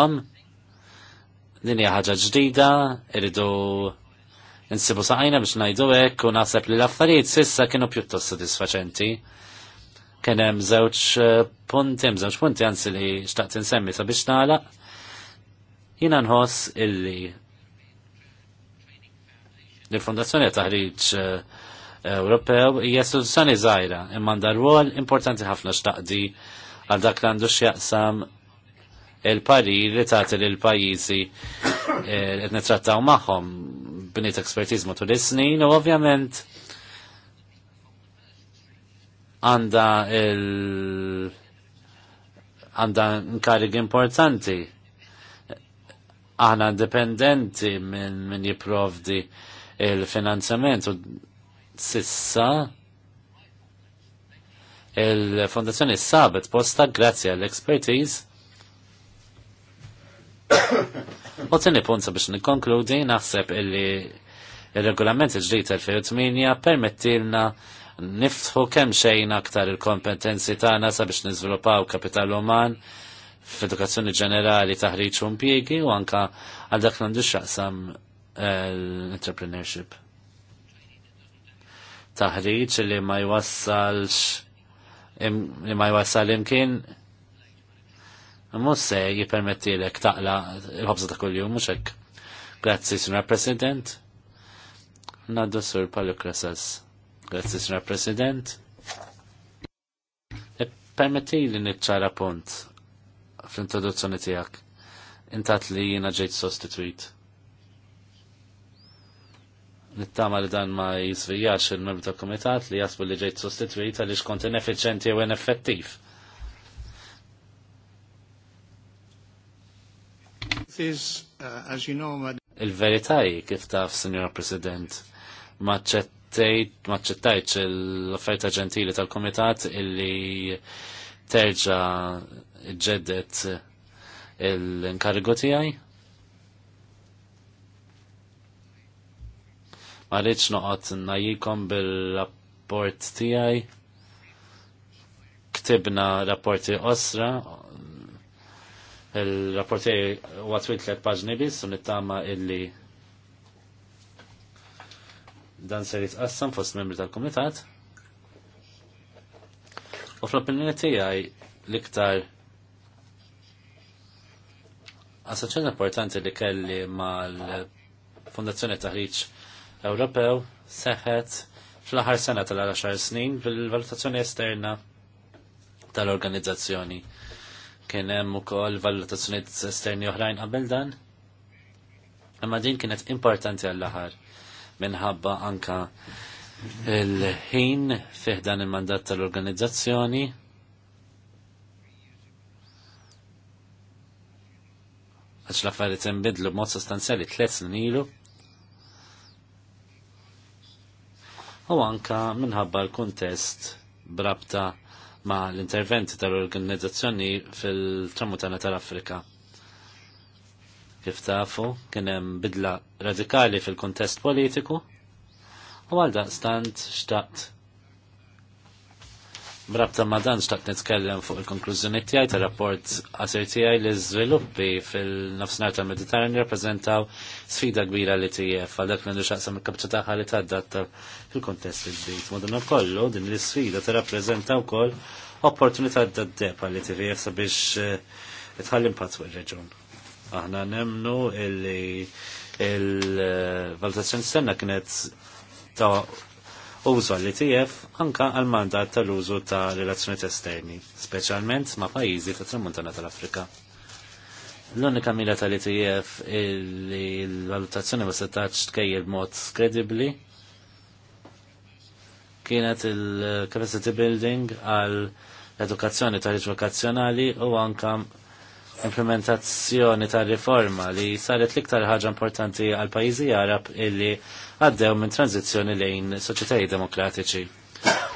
fuqhom. Din hija ħaġa ġdida, irridu insibu saqajna biex ngħidu hekk u naħseb li l-affarijiet sissa kienu pjuttost sodisfaċenti. Kien hemm żewġ eh, punti, hemm żewġ punti anzi li xtaqt insemmi sabiex nagħlaq. Jiena nħoss illi l-Fondazzjoni Taħriġ eh, Ewropew hija istituzzjoni żgħira imma għandha rwol importanti ħafna x'taqdi għal dak li għandu x'jaqsam il-parir li tagħti lil pajjiżi eh, qed nitrattaw magħhom bniet ekspertiż matul is-snin u ovvjament għanda il għanda nkarig importanti aħna dipendenti minn min jiprovdi il-finanzjament u sissa il-fondazzjoni sabet posta grazzi għall-expertise U t-tini punza biex nikonkludi naħseb illi il-regolament il-ġdijt 2008 permettilna niftħu kemm xejn aktar il-kompetenzi tagħna sabiex niżviluppaw kapital uman f'edukazzjoni ġenerali taħriġ u impjiegi u anka għal dak l xaqsam l-entrepreneurship. Eh, taħriġ li ma jwassalx li ma jwassal imkien Mhux se jippermettilek taqla l-ħobza ta' kuljum mhux hekk. Grazzi, Sra. President. Naddu Sur Palukrasas. Grazzi, Sra. President. E Permetti li nitċara punt fl-introduzzjoni tiegħek. Intat li jiena ġejt sostituit nittama li dan ma jizvijax il-membri tal komitat li jasbu li ġejt sostituit għaliex kont ineffiċenti u ineffettiv. is, uh, as you know, Il-verità kif taf, Signor President, maċċettajt l-offerta ġentili tal-Komitat illi terġa ġeddet l-inkargo tijaj. Marriċ noqot najikom bil-rapport tijaj. Ktibna rapporti osra, Il-rapporti għatwit l paġni biss u nittama illi dan ser jitqassam fost membri tal-komitat. U fl-opinjoni tiegħi l-iktar Assoċjoni importanti li kelli mal-Fondazzjoni Taħriġ Ewropew seħet fl-aħħar sena tal-10 snin fil-valutazzjoni esterna tal-organizzazzjoni. Kien hemm ukoll valutazzjonijiet esterni oħrajn qabel dan. Imma din kienet importanti għall-aħħar minħabba anka il-ħin fih dan il-mandat tal-organizzazzjoni. Għax l-affarijiet inbidlu b'mod sostanzjali tliet snin ilu. U anka minħabba l-kuntest brabta ma' l-interventi tal-organizzazzjoni fil-tramutana tal-Afrika. Kif tafu, kien hemm bidla radikali fil-kontest politiku u għalda stant xtaqt Brabta ma dan xtaqt nitkellem fuq il-konklużjoni tiegħi ta' rapport qasir tiegħi li żviluppi fil-nofsinhar tal-Mediterran jirrappreżentaw sfida kbira li tiegħek għal dak li xaqsam il-kapċa tagħha li tadatta fil-kontest il-bit. Madonna kollu din l-sfida tirrappreżenta wkoll opportunità d-debba li tiegħek sabiex eh, tħallim impatt fuq ir-reġun. Aħna nemnu il-valutazzjoni eh, s-senna kienet ta' użu li itf anka għal mandat tal-użu ta' relazzjoniet esterni, speċjalment ma' pajjiżi ta' tramuntana tal-Afrika. L-unika mila tal-ITF li l-valutazzjoni ma setax tkejjel mod kredibbli kienet il-capacity building għal edukazzjoni tal vokazzjonali u anka implementazzjoni tal riforma li saret l-iktar ħaġa importanti għal pajjiżi Arab illi għaddew minn tranzizjoni lejn soċjetajiet demokratiċi.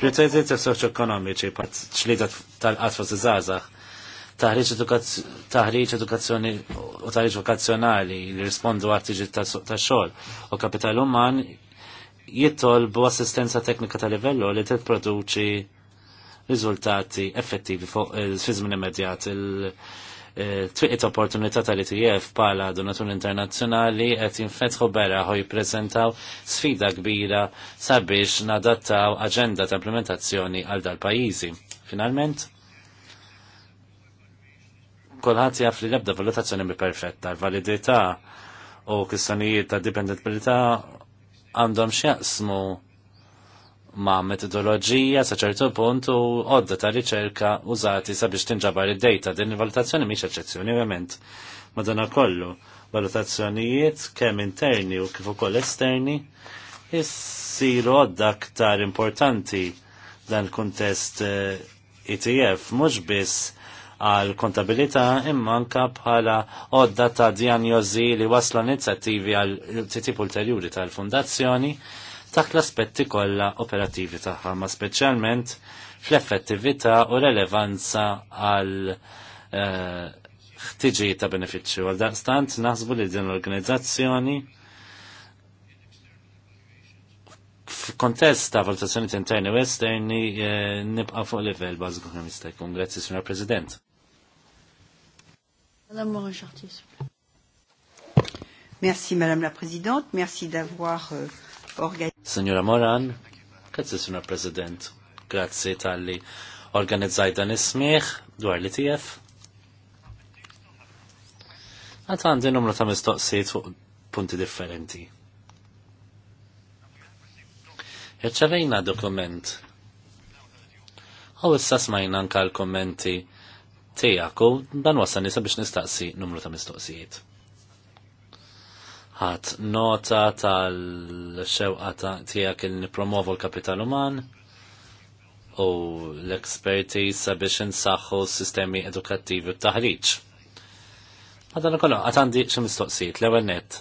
Prioritajiet soċjoekonomiċi pat ċlida tal-qatfa z-zazax, taħriġ edukazzjoni u taħriċ vokazzjonali li rispondu għartiġi ta' xogħol u kapital uman jittolbu assistenza teknika ta' livello li tipproduċi riżultati effettivi fuq il-fizmin eh, immedjat il-, twiqit opportunità tal-ITF bħala donatur internazzjonali qed jinfetħu bera ħu jippreżentaw sfida kbira sabiex nadattaw aġenda ta' implementazzjoni għal dal-pajjiżi. Finalment, kulħadd jaf li l-ebda valutazzjoni mi perfetta, l-validità u kistanijiet ta' dipendibilità għandhom x'jaqsmu ma' metodoloġija sa' ċertu punt u għodda ta' riċerka użati sabiex tinġabar id-dejta. Din il-valutazzjoni miex eċezzjoni, ovvjament. Madonna kollu, valutazzjonijiet kemm interni u kif ukoll esterni jissiru għodda aktar importanti dan kuntest ETF, eh, e mhux biss għal kontabilità imma anka bħala għodda ta' diagnosi li waslu inizjattivi għal titip ulterjuri tal-fundazzjoni taħt l-aspetti kollha operattivi tagħha, ma speċjalment fl-effettività u relevanza għal eh, ħtiġi ta' benefiċċju. Għal daqstant naħsbu li din l-organizzazzjoni f'kontest ta' valutazzjoni interni u esterni eh, nibqa' fuq livell b'ażgu kemm jista' jkun. Grazzi, Signor President. Merci Madame la Présidente, merci d'avoir euh, Signora Moran, grazie Signor President, grazzi tal-li organizzaj dan ismiħ dwar li tijef. Għat għandi numru ta' mistoqsijiet fuq punti differenti. Irċavejna dokument. U issa smajna anka l-kommenti tijak u dan wasanisa biex nistaqsi numru ta' mistoqsijiet ħat nota tal-xewqa tiegħek il nipromovu l-kapital uman u l-eksperti sabiex insaħħu s-sistemi edukattivi u taħriġ. Għadan kollu, għatandi xe mistoqsijiet, l-ewel net.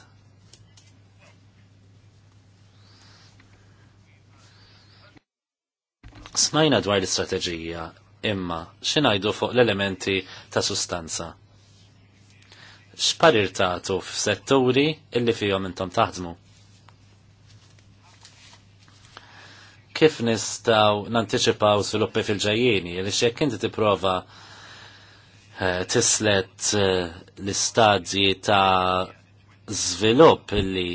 Smajna dwar l-istrateġija, imma xinajdu fuq l-elementi ta' sustanza x'parir f f'setturi illi fihom intom taħdmu. Kif nistgħu nanticipaw sviluppi fil ġajjini li x'jekk inti tipprova eh, tislet eh, l-istadji ta' żvilupp illi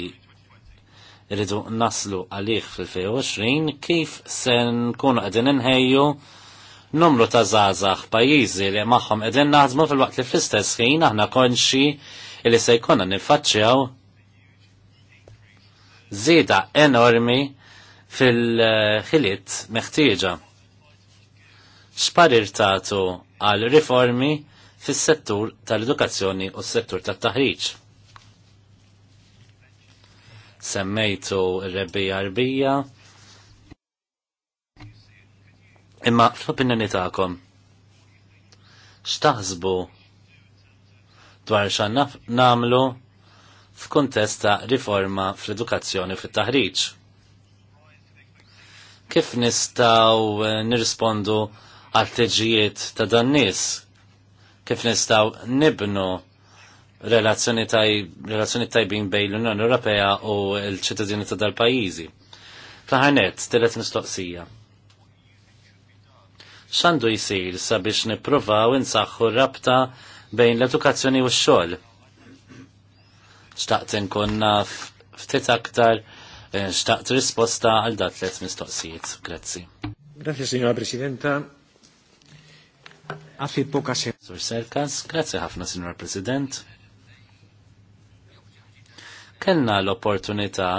rridu naslu għalih fil-2020 kif se nkunu qegħdin inħejju numru ta' zazax pajjiżi li magħhom qegħdin naħdmu fil-waqt li fl-istess ħin aħna konxi li se jkollna nifaċċjaw żieda enormi fil-ħiliet meħtieġa. X'parir għal riformi fis-settur tal-edukazzjoni u s-settur tat-taħriġ. Semmejtu r-rebbija rbija, Imma fl-opinjoni tagħkom x'taħsbu dwar x'għandna nagħmlu f'kuntest ta' riforma fl-edukazzjoni fit-taħriġ. Kif nistgħu eh, nirrispondu għal teġijiet ta' dan nies? Kif nistgħu nibnu relazzjoni tajbin bejn l-Unjoni Ewropea u l-ċittadini ta' dal-pajjiżi? Taħanet, telet mistoqsija xandu jisir sabiex nipprovaw insaħħu rabta bejn l-edukazzjoni u x-xogħol. Xtaqt inkun naf ftit aktar eh, xtaqt risposta għal dat li mistoqsijiet. Grazzi. Grazzi, Signora Presidenta. Għafi poka se. Sur Serkas, grazzi ħafna, Signora President. Kenna l-opportunità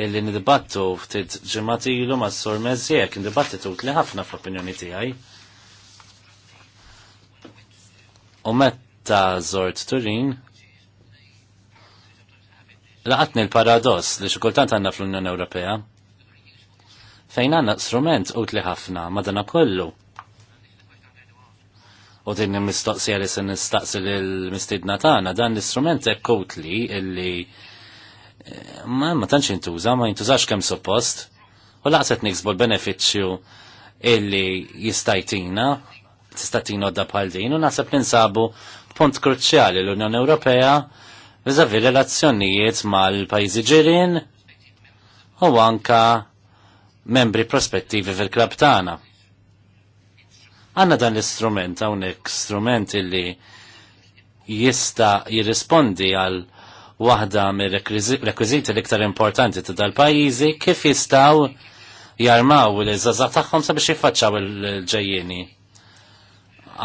illi nidibattu ftit ġimgħat ilu ma' s-sur Mezzier kien dibattitu li ħafna fl-opinjoni tiegħi. U meta żort Turin laqatni l-paradoss li xikultant għanna fl-Unjoni Ewropea fejn għanna strument utli ħafna madana kollu. U din mistoqsija li se nistaqsi l-mistidna tagħna dan l-istrument hekk utli illi ma ma tantx intuża, ma jintużax kemm suppost, u laqset niksbu l-benefiċċju illi jistajtina, tistatina għodda bħal din, u naħseb ninsabu punt kruċjali l-Unjoni Ewropea vizavi relazzjonijiet mal-pajzi ġirin u anka membri prospettivi fil-klab tagħna. Għanna dan l-istrument, hawnhekk strument illi jista jirrispondi għal waħda mir-rekwiżiti l-iktar importanti ta' dal-pajjiżi kif jistgħu jarmaw l-żaza tagħhom sabiex jiffaċċaw il-ġejjieni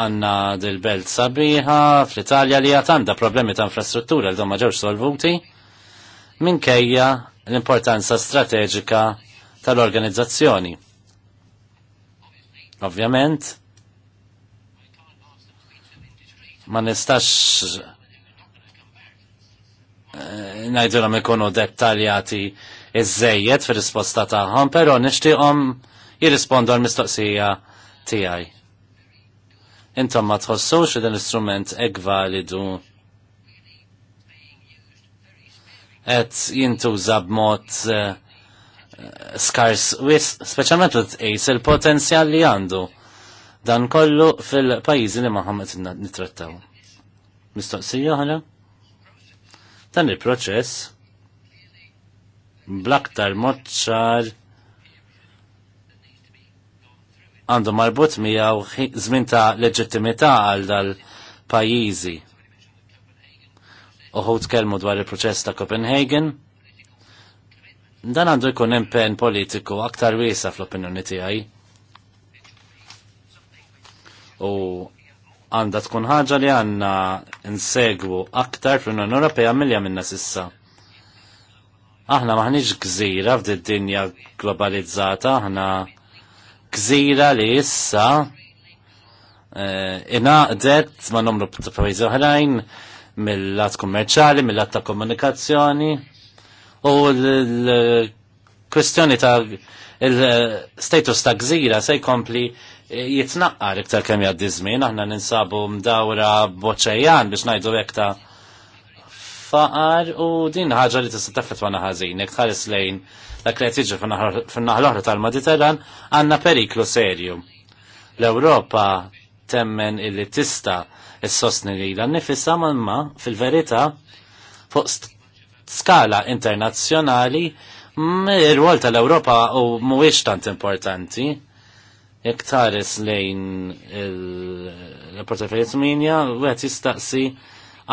għanna dil-belt sabiħa fl-Italja li għatanda problemi ta' infrastruttura li domma ġewx solvuti minkejja l-importanza strateġika tal-organizzazzjoni. Ovvjament, ma nistax Eh, najdulom ikunu dettaljati iż-żejjed fir-risposta tagħhom, però nixtieqhom jirrispondu għal mistoqsija tiegħi. Intom ma tħossux xe dan l-istrument hekk validu qed jintuża b'mod eh, skars wis, speċjalment li tqis il-potenzjal li għandu dan kollu fil-pajjiżi li ma nittrattaw. Mistoqsija ħana? Dan il-proċess blaktar moċċar għandu marbut miegħu żmien ta' leġittimità għal dal-pajjiżi. Uħud kelmu dwar il-proċess ta' Copenhagen. Dan għandu jkun impenn politiku aktar wiesa fl-opinjoni tiegħi. U għandha tkun ħaġa li għandna nsegwu aktar fl-Unjoni Ewropea milja minna sissa. Aħna maħniġ gżira f'din dinja globalizzata, aħna gżira li issa eh, inaqdet ma numru ta' pajjiżi oħrajn mill-lat kummerċali, mill-lat ta' komunikazzjoni u l-kwestjoni ta' il-status ta' gżira se jkompli E, jitnaqqar iktar kemm jgħaddi żmien, aħna ninsabu mdawra boċejjan biex ngħidu hekk ta' faqar u din ħaġa li tista' taffettwana ħażin, jekk tħares lejn dak li tiġi fin-naħa l tal-Mediterran għandna periklu serju. L-Ewropa temmen illi tista' s-sostni li dan nifissa ma fil-verità fuq skala internazzjonali mir rwol tal-Ewropa u mhuwiex tant importanti iktares lejn il-portafeliet minja, u għet jistaqsi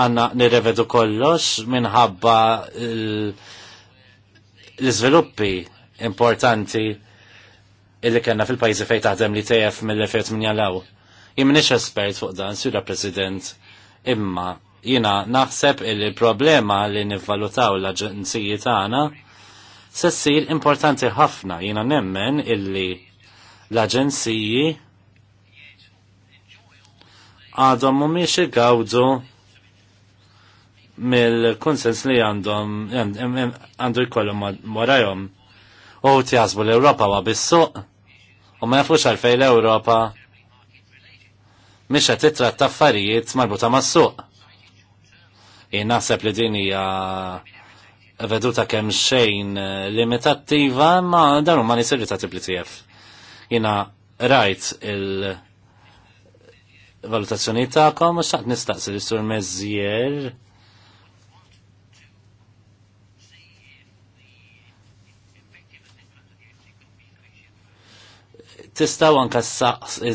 għanna nirrevedu kollox minħabba l-izviluppi importanti illi kena fil-pajzi fej taħdem li tejef mill-2008 law. Jien nix espert fuq dan, sura president, imma jina naħseb illi problema li nivvalutaw l-aġenzijiet tagħna se ssir importanti ħafna jina nemmen illi l-aġenziji għadhom mhumiex igawdu mill-konsens li għandhom għandu jkollhom warajhom. U tjasbu l-Ewropa wa bis-suq u ma jafux għalfejn l-Ewropa miex qed titratta affarijiet marbuta mas-suq. Jien naħseb li din hija veduta kemm xejn limitattiva ma dan huma nisirri ta' tibli tiblitijef. Jina rajt il- valutazzjoni ta'kom, u xaqt nistaqsi li sur mezzier. Tistaw anka s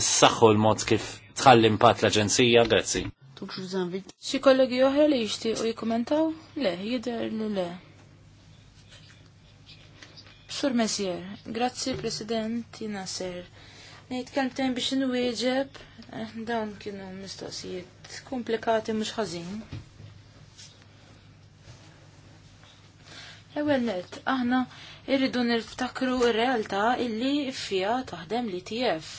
saxu l-mod kif tħallim pat l-Aġenzija, grazzi. Tuk xie kollegi oħra li jishti u jikommentaw? Le, jider li le. Sur Messier, grazzi President, jina ser. Nejt kelmtejn biex nwieġeb, eh, dawn kienu mistoqsijiet komplikati mhux ħażin. Ewel net, aħna irridu niftakru r-realtà illi fija taħdem li tijef.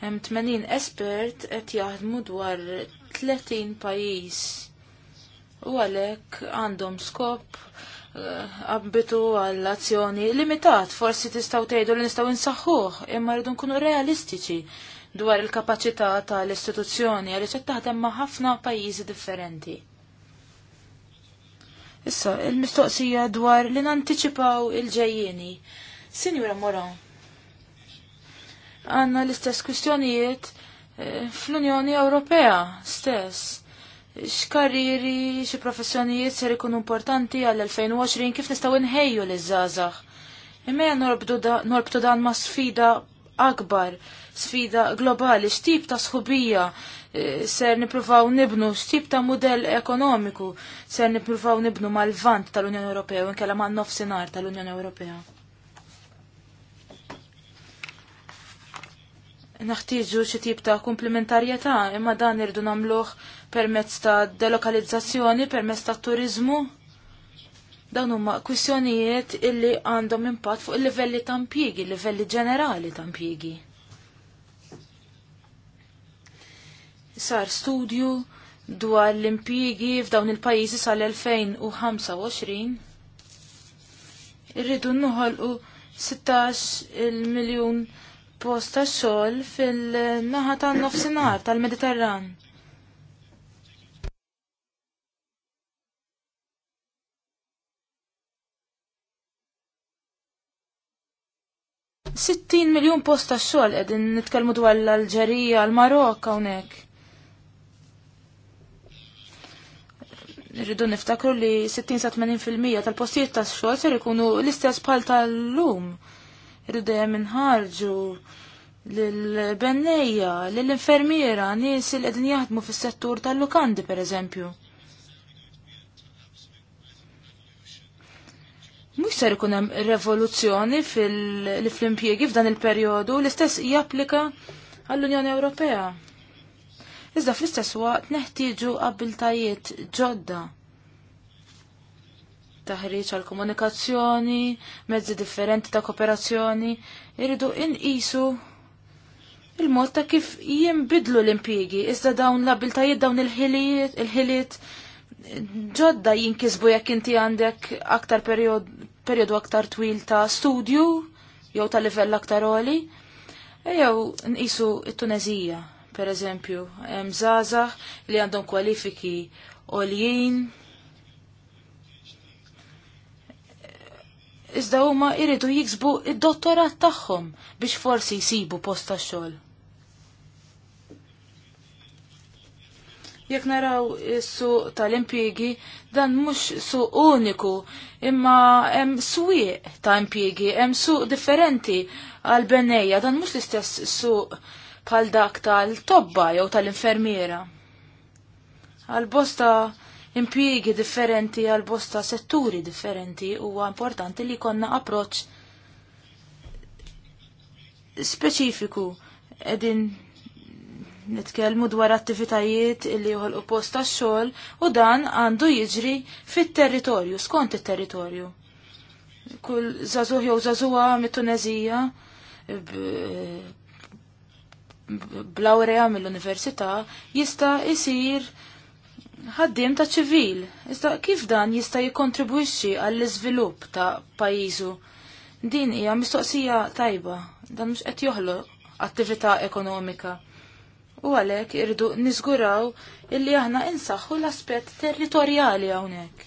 Hemm 80 espert qed jaħdmu dwar 30 pajjiż u għalhekk għandhom skop abbitu għall-azzjoni limitat, forsi tistaw tgħidu li nistgħu insaħħuh, imma rridu nkunu realistiċi dwar il-kapaċità tal-istituzzjoni għaliex qed taħdem ma' ħafna pajjiżi differenti. Issa, il-mistoqsija dwar li nanticipaw il ġejjini Sinjura Moron, għanna l-istess kwistjonijiet eh, fl-Unjoni Ewropea stess x'karriri, xi professjonijiet ser ikunu importanti għal 2020 kif nistgħu nħejju liż-żgħażagħ. Imma norbtu dan ma' sfida akbar, sfida globali, x'tip ta' sħubija eh, ser nippruvaw nibnu, x'tip ta' mudell ekonomiku ser nippruvaw nibnu mal-vant tal-Unjoni Ewropea u nkella ma' nofsinhar tal-Unjoni Ewropea. Naħtiġu xi tip ta' komplementarjetà imma dan irdu nagħmluh permezz ta' delokalizzazzjoni, permezz ta' turizmu. Dawn huma kwistjonijiet illi għandhom impatt fuq il-livelli ta' impjiegi, livelli ġenerali ta' impjiegi. Sar studju dwar l-impjiegi f'dawn il-pajjiżi sal-2025. Irridu nħolqu 16 miljun post ta' xogħol fil-naħa tan-nofsinhar tal-Mediterran. 60 miljon post ta' xogħol qegħdin nitkellmu dwar l-Alġerija, l-Marok hawnhekk. Irridu niftakru li 60 fil 80% tal-postijiet ta' xogħol ser ikunu l-istess bħal tal-lum. Irridu dejjem inħarġu lill-bennejja, lill-infermiera, nies li qegħdin jaħdmu fis-settur tal-lukandi pereżempju. Mux ser ikun hemm revoluzzjoni fil-impjiegi f'dan il-perjodu l-istess japplika għall-Unjoni Ewropea. Iżda fl-istess waqt neħtieġu abbiltajiet ġodda taħriġ għal komunikazzjoni, mezzi differenti ta' kooperazzjoni, irridu inqisu il-mod ta' kif jinbidlu l impjiegi iżda dawn l-abiltajiet dawn il-ħiliet, il-ħiliet ġodda jinkisbu jekk inti għandek aktar periodu aktar twil ta' studju jew ta' livell aktar oli. Jew nqisu it-Tunezija, per eżempju, hemm żgħażagħ li għandhom kwalifiki oljin. Iżda huma jridu jiksbu id-dottorat tagħhom biex forsi jsibu posta xogħol Jekk naraw is-suq tal-impjiegi dan mhux suq uniku, imma hemm swieq ta' impjiegi, hemm suq differenti għal benneja dan mhux l-istess suq bħal dak tal-tobba jew tal-infermiera. Għal bosta impjiegi differenti, għal bosta setturi differenti huwa importanti li konna approċċ speċifiku edin nitkellmu dwar attivitajiet illi joħolqu post tax-xogħol u dan għandu jiġri fit-territorju, skont it-territorju. Kull żagħżugħ jew zazuħa mit-Tunezija b'laurea mill-università jista' jsir ħaddiem ta' ċivil. Iżda kif dan jista' jikkontribwixxi għall-iżvilupp ta' pajjiżu? Din hija mistoqsija tajba, dan mhux qed joħloq attività ekonomika u għalhekk irdu niżguraw illi aħna insaħħu l-aspett territorjali hawnhekk.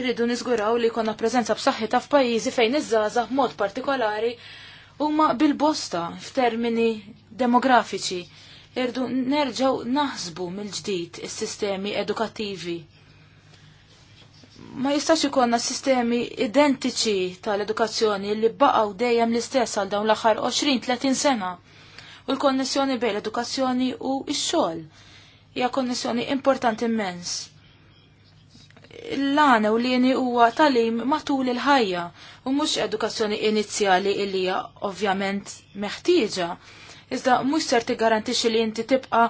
Irridu niżguraw li jkollna preżenza b'saħħitha f'pajjiżi fejn iż-żgħażagħ b'mod partikolari huma bil-bosta f'termini demografiċi. Irdu nerġaw naħsbu mill-ġdid is-sistemi edukattivi ma jistax ikonna sistemi identiċi tal-edukazzjoni li baqgħu dejjem l-istess għal dawn l-aħħar 20-30 sena u l-konnessjoni bejn l-edukazzjoni u x-xogħol. Hija konnessjoni importanti immens. L-għana u l-jeni huwa talim matul il-ħajja u mhux edukazzjoni inizjali li hija ovvjament meħtieġa. Iżda mhux ser tigarantixxi li inti tibqa'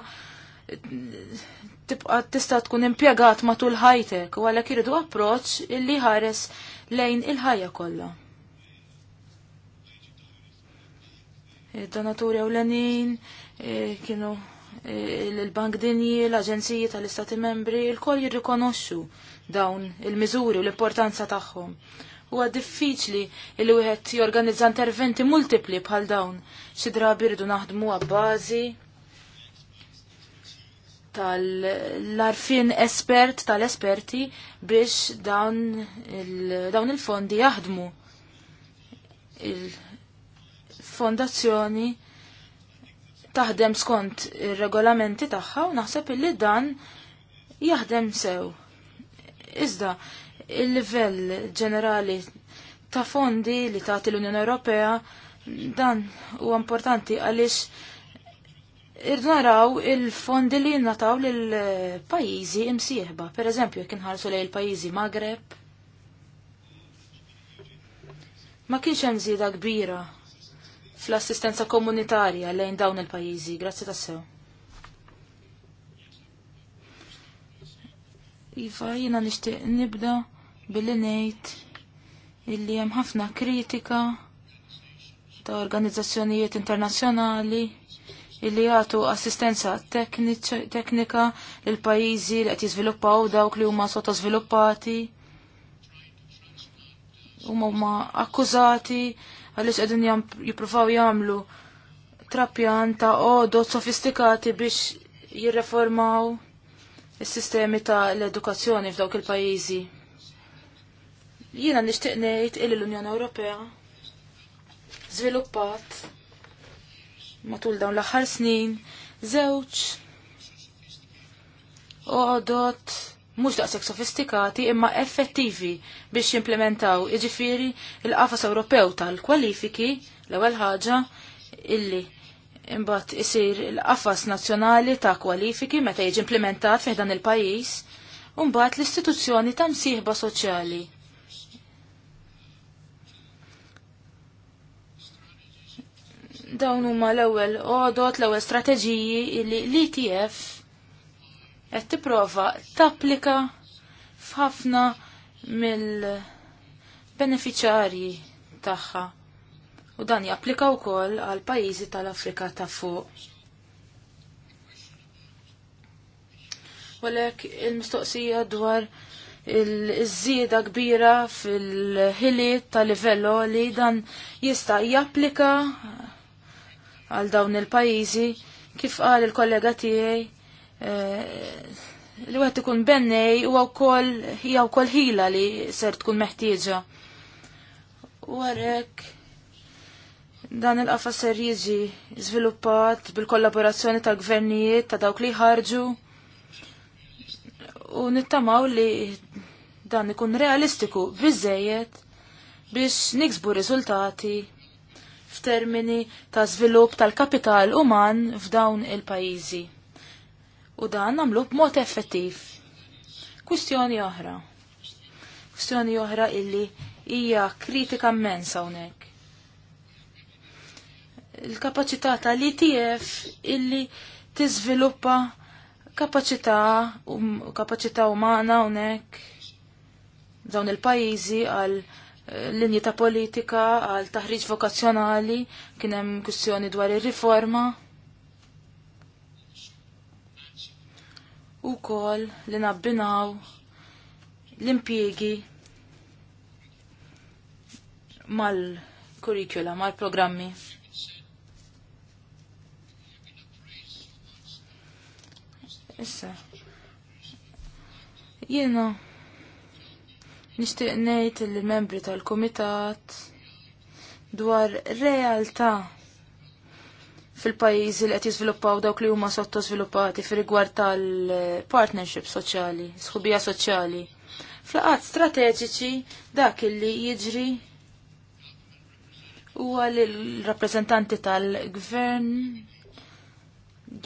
tibqa tista' tkun impjegat matul ħajtek u għalhekk iridu approċċ illi ħares lejn il-ħajja kollha. donaturi ewlenin, eh, kienu eh, il-Bank Dinji, l-Aġenziji tal-Istati Membri, il-koll jirrikonoxxu dawn il-miżuri u l-importanza tagħhom. Huwa diffiċli li wieħed jorganizza interventi multipli bħal dawn xi drabi rridu naħdmu għabbażi tal-arfin espert tal-esperti biex dawn il-fondi jaħdmu fondazzjoni taħdem skont ir-regolamenti tagħha u naħseb illi dan jaħdem sew. Iżda il-livell ġenerali ta' fondi li tagħti l-Unjoni Ewropea dan huwa importanti għaliex irdu naraw il-fondi li nataw lil pajjiżi imsieħba. Per eżempju, jekk inħarsu lejn il-pajjiżi Magreb. Ma kienx hemm żieda kbira fl-assistenza komunitarja lejn dawn il-pajjiżi. Grazzi tassew. Iva, jina nishtiq nibda billi ngħid illi hemm ħafna kritika ta' organizzazzjonijiet internazzjonali illi jagħtu assistenza teknika l pajjiżi li qed jiżviluppaw dawk li huma sottosviluppati huma huma akkużati għaliex qegħdin jippruvaw jagħmlu trapjanta ta' għodot sofistikati biex jirreformaw is-sistemi ta' l-edukazzjoni f'dawk il-pajjiżi. Jiena nixtieq ngħid illi l-Unjoni Ewropea żviluppat matul dawn l-aħħar snin żewġ għodot mhux daqshekk sofistikati imma effettivi biex jimplementaw iġifiri il-qafas Ewropew tal-kwalifiki l-ewwel ħaġa illi imbagħad isir il-qafas nazzjonali ta' kwalifiki meta jiġi implementat fih dan il-pajjiż u mbagħad l-istituzzjoni ta' msieħba soċjali. Dawn huma l-ewwel għodot, l-ewwel strateġiji li l-ITF qed tipprova tapplika f'ħafna mill-beneficjarji tagħha u dan japplika wkoll għal pajjiżi tal-Afrika ta' fuq. Walek il-mistoqsija dwar il-żieda kbira fil-ħiliet tal-livello li dan jista' japplika għal dawn il-pajjiżi kif qal il-kollega tiegħi Eh, li għed ikun bennej u għawkol hija wkoll ħila li ser tkun meħtieġa. U għarek dan il-qafa ser jiġi żviluppat bil-kollaborazzjoni ta' gvernijiet ta' dawk li ħarġu u nittamaw li dan ikun realistiku bizzejiet biex niksbu riżultati f'termini ta' żvilupp tal-kapital uman f'dawn il-pajjiżi u dan namlu b'mod effettiv. Kwistjoni oħra. Kwistjoni oħra illi hija kritika mensa hawnhekk. Il-kapaċità tal-ITF e illi tiżviluppa kapaċità um, kapacità umana hawnhekk dawn il-pajjiżi għal eh, linji ta' politika, għal taħriġ vokazzjonali, kien hemm kwistjoni dwar ir-riforma. u kol li nabbinaw l-impiegi mal-kurikula, mal-programmi. Issa, jena, nishtiq nejt l-membri tal-komitat dwar realtà fil-pajjiżi li qed jiżviluppaw dawk li huma sottosviluppati fir-rigward tal-partnership soċjali, sħubija soċjali. Flaqat strateġiċi dak illi jiġri huwa li l-rappreżentanti tal-gvern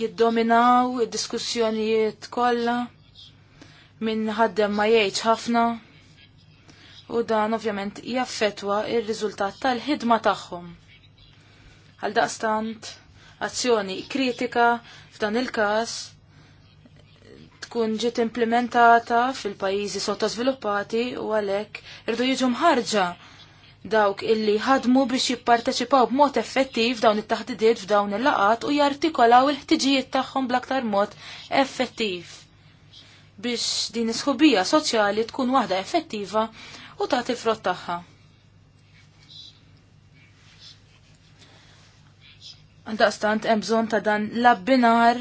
jiddominaw id-diskussjonijiet kollha minn ħaddem ma jgħidx ħafna u dan ovvjament jaffetwa ir-riżultat tal-ħidma tagħhom. Għal daqstant, azzjoni kritika f'dan il-każ tkun ġiet implementata fil-pajjiżi sottosviluppati u għalhekk irdu jiġu mħarġa dawk illi ħadmu biex jipparteċipaw b'mod effettiv dawn it-taħdidiet f'dawn il-laqat u jartikolaw il-ħtiġijiet tagħhom bl-aktar mod effettiv. Biex din is-sħubija soċjali tkun waħda effettiva u tagħti frott tagħha. Daqstant hemm bżonn ta' dan l-abbinar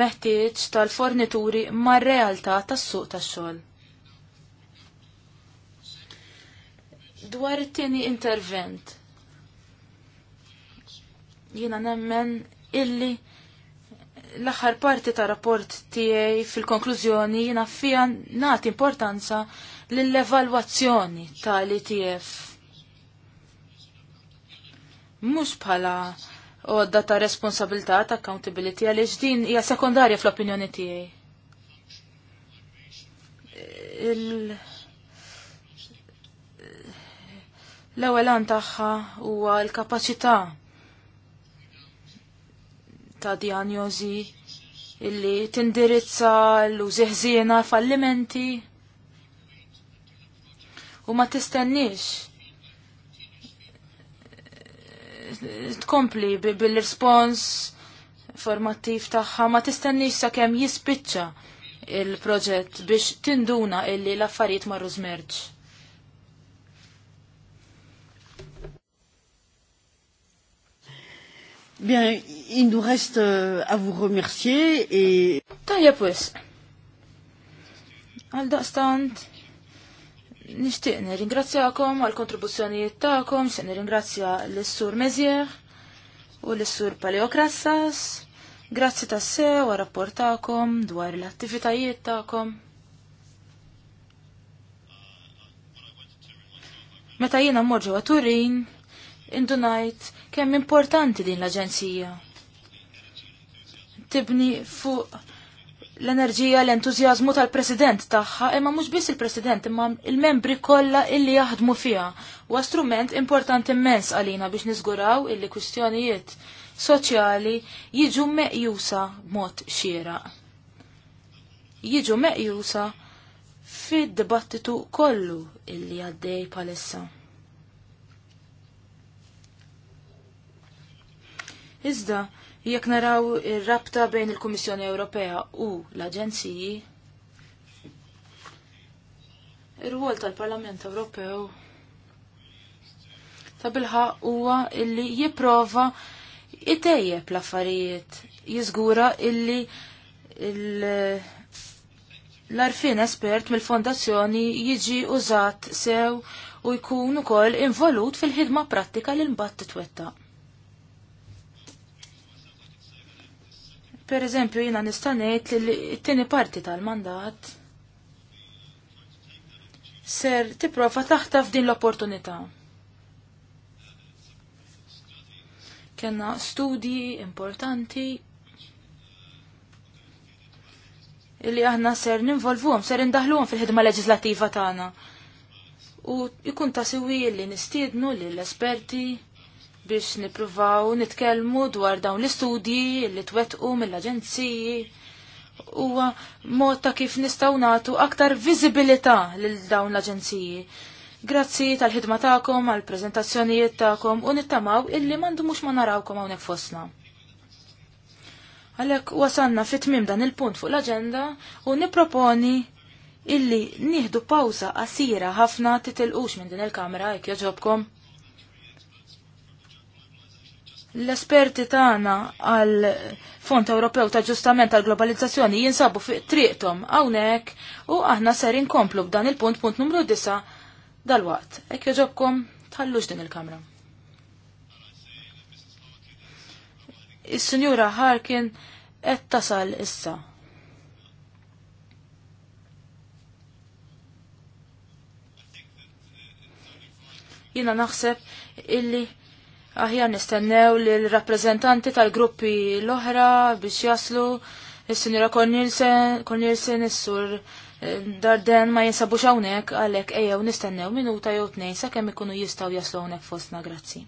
meħtieġ tal-fornituri mar-realtà tas-suq tax-xogħol. Dwar it-tieni intervent. Jiena nemmen illi l-aħħar parti ta' rapport tiegħi fil-konklużjoni jiena fija nagħti importanza lill-evalwazzjoni tal-ITF. Mhux bħala U għodda ta' responsabilità ta' accountability għaliex din hija sekundarja fl-opinjoni tiegħi. Il... L-ewwel għan tagħha huwa l-kapaċità ta' diagnozi illi tindirizza l-użi fallimenti u ma tistennix tkompli bil-respons formattiv tagħha ma tistennix sakemm jispiċċa il-proġett biex tinduna illi l-affarijiet marru zmerġ. Bien, il nous reste euh, à vous remercier et... Tajja pues. Għal daqstant, Nishtiq nirringrazzjakom għal kontribuzzjonijiet tagħkom, se nirringrazzja l-Sur Mezieħ u l-Sur Paleokrassas. Grazzi tassew għal rapportakom dwar l-attivitajiet tagħkom. Meta jiena mmorġu Turin, indunajt kemm importanti din l-aġenzija. Tibni fuq l-enerġija, l-entużjażmu tal-President tagħha, imma mhux biss il-President, imma il-membri kollha illi jaħdmu fiha. Huwa strument importanti immens għalina biex niżguraw illi kwistjonijiet soċjali jiġu meqjusa b'mod xieraq. Jiġu meqjusa fid-dibattitu kollu illi għaddej palissa. Iżda, Jekk naraw il rabta bejn il-Kummissjoni Ewropea u l-Aġenziji, ir ruol tal-Parlament Ewropew ta' bilħa huwa illi jipprova itejjeb l-affarijiet, jiżgura illi l-arfin espert mill-fondazzjoni jiġi użat sew u jkun ukoll involut fil-ħidma prattika li mbagħad titwettaq. Per eżempju, jina nistanet li t-tini parti tal-mandat ser tiprofa taħta f'din l-opportunità. Kenna studji importanti illi aħna ser ninvolvuhom, ser indaħluhom fil-ħidma leġislativa tagħna. U jkun ta' siwi li nistiednu lill-esperti biex nipruvaw nitkellmu dwar dawn l-istudji li twettqu mill-aġenziji huwa mod ta' kif nistgħu nagħtu aktar viżibilità lil dawn l-aġenziji. Grazzi tal-ħidma tagħkom, għall-preżentazzjonijiet tagħkom u nittamaw illi m'għandu mhux ma narawkom hawnhekk fostna. Għalhekk wasanna fit tmim dan il-punt fuq l-aġenda u nipproponi illi nieħdu pawża qasira ħafna titilqux minn din il-kamera jekk joġobkom. L-esperti tagħna għal Fond Ewropew ta' Ġustament għal Globalizzazzjoni jinsabu fiq triqtom hawnhekk u aħna ser inkomplu b'dan il-punt punt numru 9 dal-waqt. Hekk joġobkom tħallux din il-kamra. Is-Sinjura Harkin qed tasal issa. Jiena naħseb illi aħjar nistennew li l-rappreżentanti tal-gruppi l-oħra biex jaslu il sinjura Cornelsen, is-sur eh, Darden ma jinsabux hawnhekk għalhekk ejjew nistennew minuta jew tnejn sakemm ikunu jistgħu jaslu għonek fostna grazzi.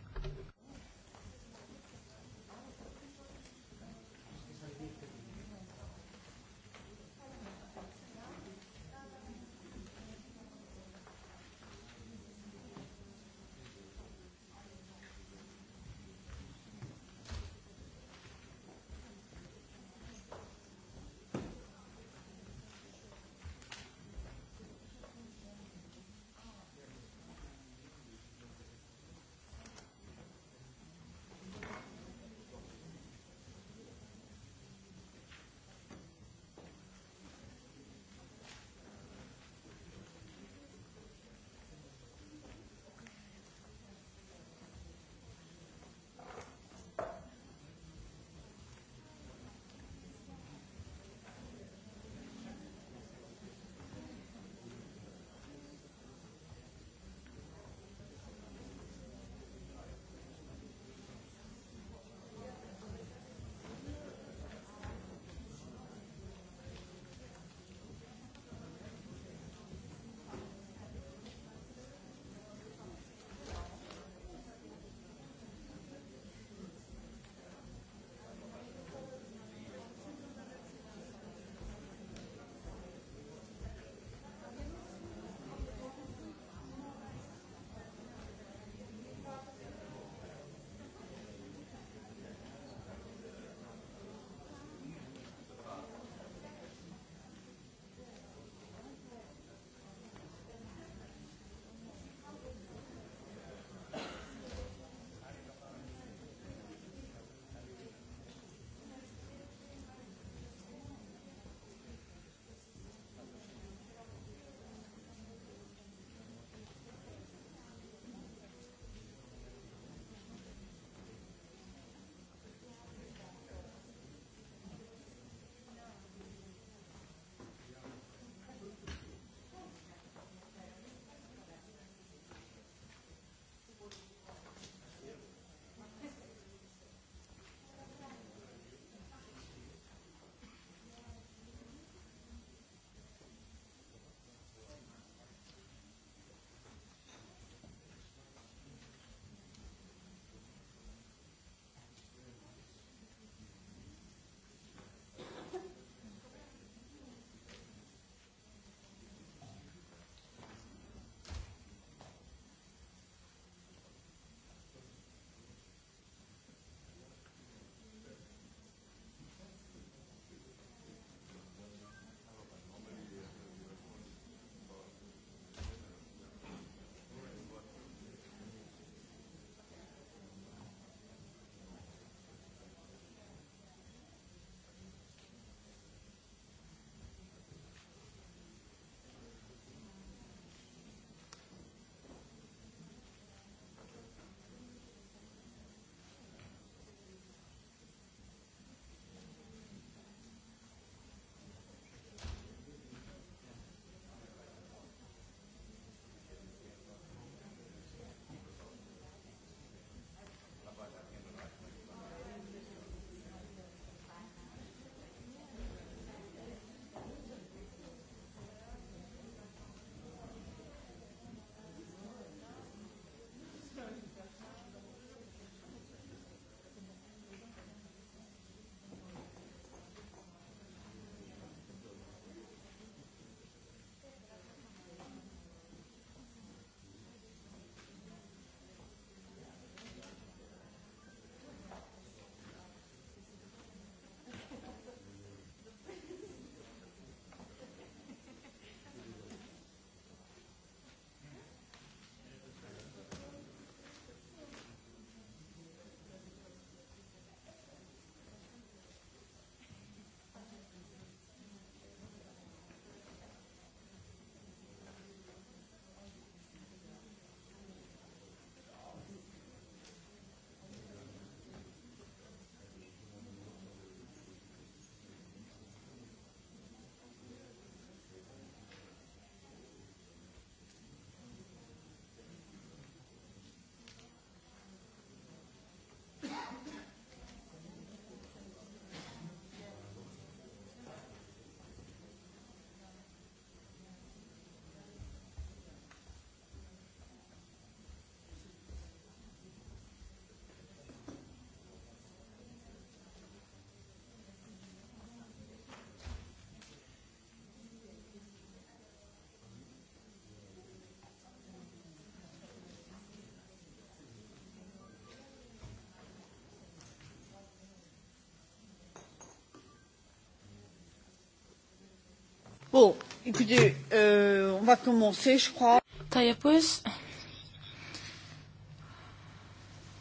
Bon, écoutez, euh, on va commencer, je crois. Tajja pues.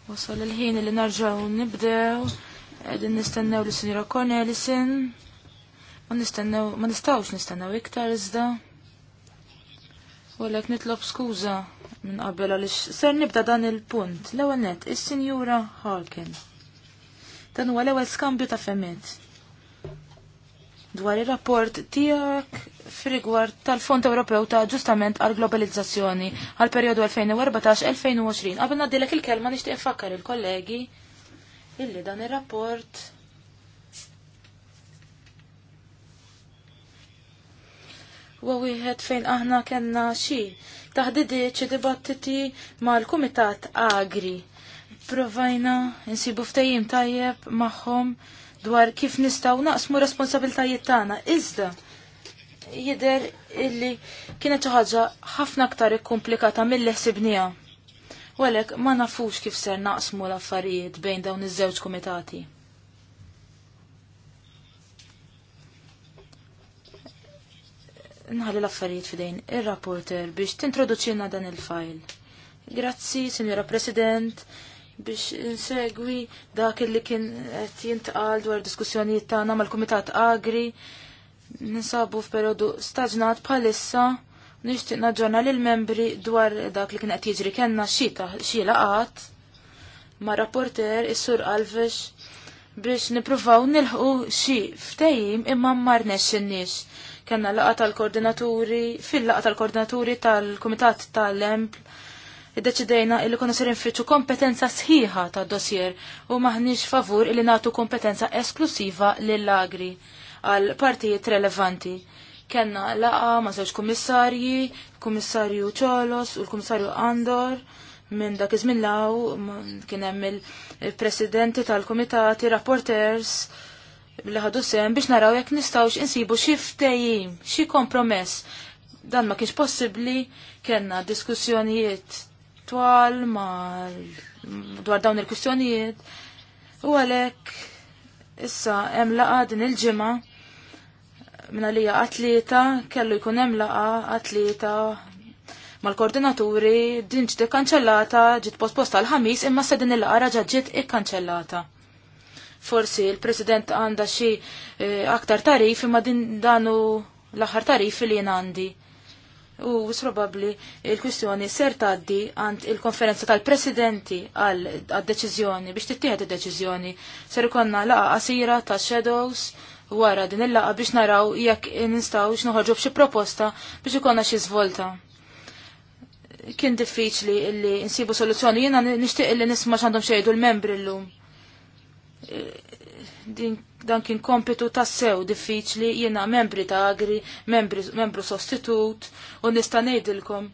Wasal il-ħin li narġaw nibdew, għedin nistennew li sinjora Cornelison, ma nistennew, ma nistawx nistennew iktar iżda. U nitlob skuza minn qabel għalix ser nibda dan il-punt, l-ewel net, il-sinjura Harkin. Dan huwa l-ewel skambju ta' femiet. Dwar il-rapport tijak Frigward tal-Fond Ewropew ta' ġustament għal globalizzazzjoni għal periodu 2014-2020. Qabel nadilek il-kelma nixtieq infakkar il-kollegi illi dan ir-rapport il huwa wieħed fejn aħna kellna xi taħdidiet xi dibattiti mal-Kumitat Agri. Provajna insibu ftehim tajjeb magħhom dwar kif nistaw naqsmu responsabiltajiet tagħna. Iżda, jider illi kienet ħaġa ħafna aktar komplikata mill sibnija. U għalhekk ma nafux kif ser naqsmu l-affarijiet bejn dawn iż-żewġ kumitati. Nħalli l-affarijiet fidejn ir-rapporter biex tintroduċina dan il-fajl. Grazzi, Sinjora President biex insegwi dak li kien qed jintqal dwar diskussjonijiet tagħna mal-Kumitat Agri Ninsabu f'periodu staġnat bħalissa nixtieq naġġorna lil membri dwar dak li kien qed jiġri kellna xita xi laqat ma' rapporter is-sur Alves biex nippruvaw nilħu xi ftejim imma in-nies. Kenna laqa tal-koordinaturi, fil-laqa tal-koordinaturi tal-Kumitat tal-Empl, id-deċidejna illi konna ser infittxu kompetenza sħiħa ta' dossier u maħniex favur illi natu kompetenza esklusiva lill-agri għal partijiet relevanti. Kenna laqa ma' żewġ kummissarji, kummissarju Ċolos u l-kummissarju Andor minn dak iż-żmien law kien hemm il-presidenti tal-kumitati, rapporters li ħadu sem biex naraw jekk nistgħux insibu xi ftehim, xi kompromess. Dan ma kienx possibbli, kellna diskussjonijiet twal ma dwar dawn il-kwistjonijiet. U għalek Issa hemm laqa din il-ġimgħa minna lija atleta kellu jkun hemm laqa atleta mal-koordinaturi din ġiet ikkanċellata ġiet postposta għal ħamis imma se din il-laqa raġa ġiet ikkanċellata. Forsi l president għandha xi eh, aktar tarif imma din danu l-aħħar tarif li jien għandi u probabli il-kwistjoni ser taddi għand il-konferenza tal-presidenti għal deċiżjoni biex tittieħed id-deċiżjoni ser ikonna laqa qasira ta' shadows wara din il-laqa biex naraw jekk nistgħu x'noħorġu b'xi proposta biex ikonna xi żvolta. Kien diffiċli illi nsibu soluzzjoni jiena nixtieq li nisma' x'għandhom xejdu l-membri llum. E, din Dan kien kompitu tassew diffiċli jiena membri ta' agri, membri, membru sostitut u nista' ngħidilkom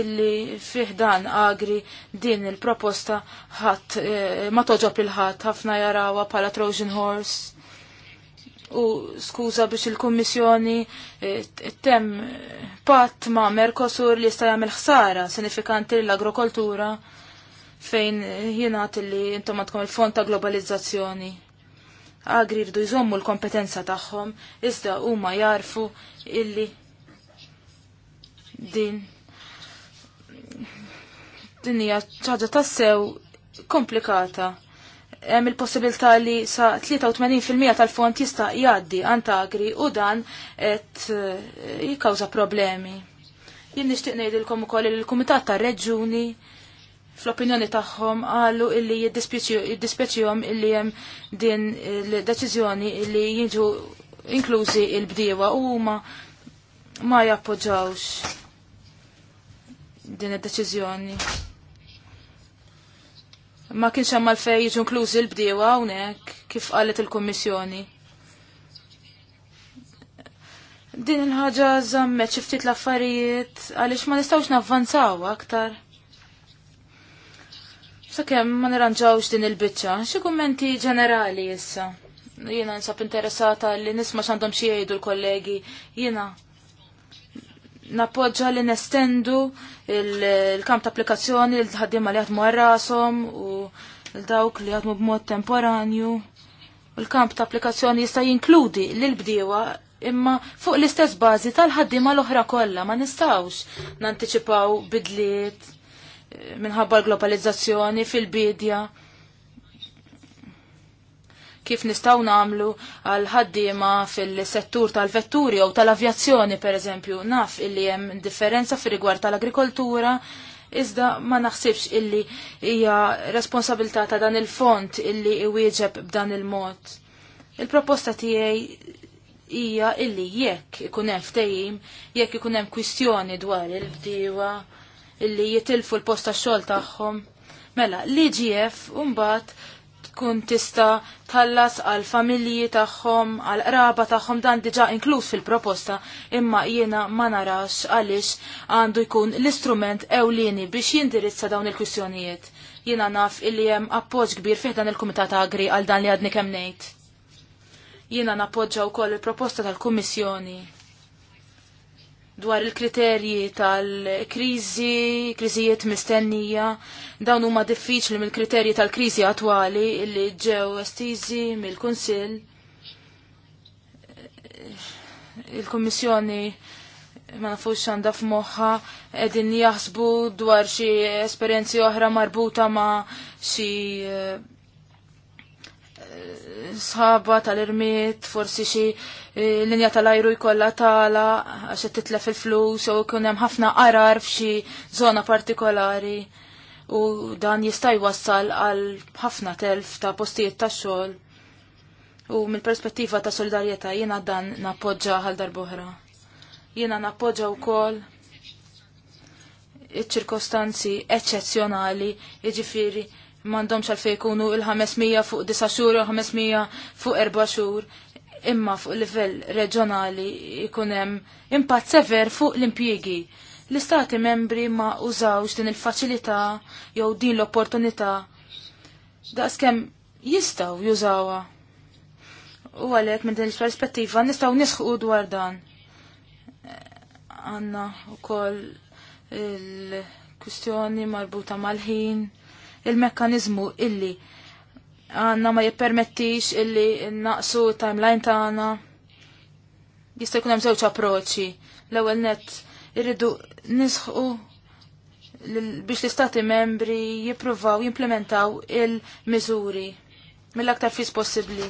illi fih dan agri din il-proposta ħadd eh, ma toġob il-ħadd ħafna jarawa bħala Trojan Horse. U skuża biex il-Kummissjoni eh, tem patt ma' Mercosur li jista' jagħmel ħsara sinifikanti l-agrokoltura fejn jingħad li intom għandkom il-fond ta' globalizzazzjoni agri rridu jżommu l-kompetenza tagħhom iżda huma jarfu illi din din hija ċaġa tassew komplikata. Hemm il-possibilità li sa 83% tal-fond jista' jgħaddi antagri u dan qed eh, jikkawża problemi. Jien nixtieq ngħidilkom ukoll il-Kumitat tar-Reġuni fl-opinjoni tagħhom qalu illi jiddispjaċihom illi hemm din il-deċiżjoni illi jiġu inklużi il-bdiewa u huma ma jappoġġawx din id-deċiżjoni. Ma kienx hemm għalfejn jiġu inklużi l-bdiewa hawnhekk kif qalet il-Kummissjoni. Din il-ħaġa żammet xi ftit l-affarijiet għaliex ma nistgħux navvanzaw aktar. Sakemm ma nirranġawx din il-biċċa, xi kummenti ġenerali issa. Jiena nsab interessata li nisma' x'għandhom xi jgħidu l-kollegi. Jiena nappoġġa li nestendu il-kamp ta' applikazzjoni l ħaddiema li jaħdmu għarrasom u l-dawk li għatmu b'mod temporanju. Il-kamp ta' applikazzjoni jista' jinkludi l-bdiewa imma fuq l-istess bażi tal ħaddim l-oħra kollha ma nistawx nantiċipaw bidliet minħabba l-globalizzazzjoni fil-bidja kif nistaw namlu għal ħaddiema fil-settur tal-vetturi jew tal-avjazzjoni per eżempju naf illi hemm differenza fil rigward tal-agrikoltura iżda ma naħsibx illi hija responsabilità ta' dan il-font illi iwieġeb b'dan il-mod. Il-proposta tiegħi hija illi jekk ikun hemm ftehim, jekk ikun hemm kwistjoni dwar il-bdiewa illi jitilfu l posta tax-xogħol tagħhom. Mela, l-IGF mbagħad tkun tista tallas għal familji tagħhom, għal qraba tagħhom dan diġà inkluż fil-proposta, imma jiena ma narax għaliex għandu jkun l-istrument ewlieni biex jindirizza dawn il-kwistjonijiet. Jiena naf illi hemm appoġġ kbir fih dan il-Kumitat Agri għal dan li għadni kemm ngħid. Jiena nappoġġa wkoll il-proposta tal-Kummissjoni dwar il-kriterji tal-krizi, kriżijiet mistennija, dawn huma diffiċli mill-kriterji tal-krizi attwali li ġew estiżi mill-Kunsill. Il-Kummissjoni ma nafux għandha f'moħħa qegħdin jaħsbu dwar xi esperjenzi oħra marbuta ma' xi eh, sħaba tal-irmiet, forsi xi eh, linja tal-ajru jkollha tala għax qed titlef il-flus u jkun hemm ħafna qarar f'xi żona partikolari u dan jista' jwassal għal ħafna telf ta' postijiet ta' xogħol. U mill-perspettiva ta' solidarjetà jiena dan nappoġġa għal darb'oħra. Jiena nappoġġa wkoll iċ-ċirkostanzi eċċezzjonali, jiġifieri mandom għalfej jkunu il-500 fuq 9 xur u 500 fuq 4 xhur, imma fuq livell reġjonali jkun hemm impatt sever fuq l-impjiegi. L-istati membri ma użawx din il-faċilità jew din l-opportunità daqskemm jistgħu jużawha. U għalhekk minn din il-perspettiva nistgħu nisħu dwar dan. Għanna u koll il-kustjoni marbuta mal-ħin il-mekkanizmu illi għanna ma jippermettix illi naqsu timeline tagħna. Jista' jkun hemm żewġ approċċi. L-ewwel net irridu nisħu biex l-istati membri jippruvaw jimplementaw il-miżuri mill-aktar fis possibbli.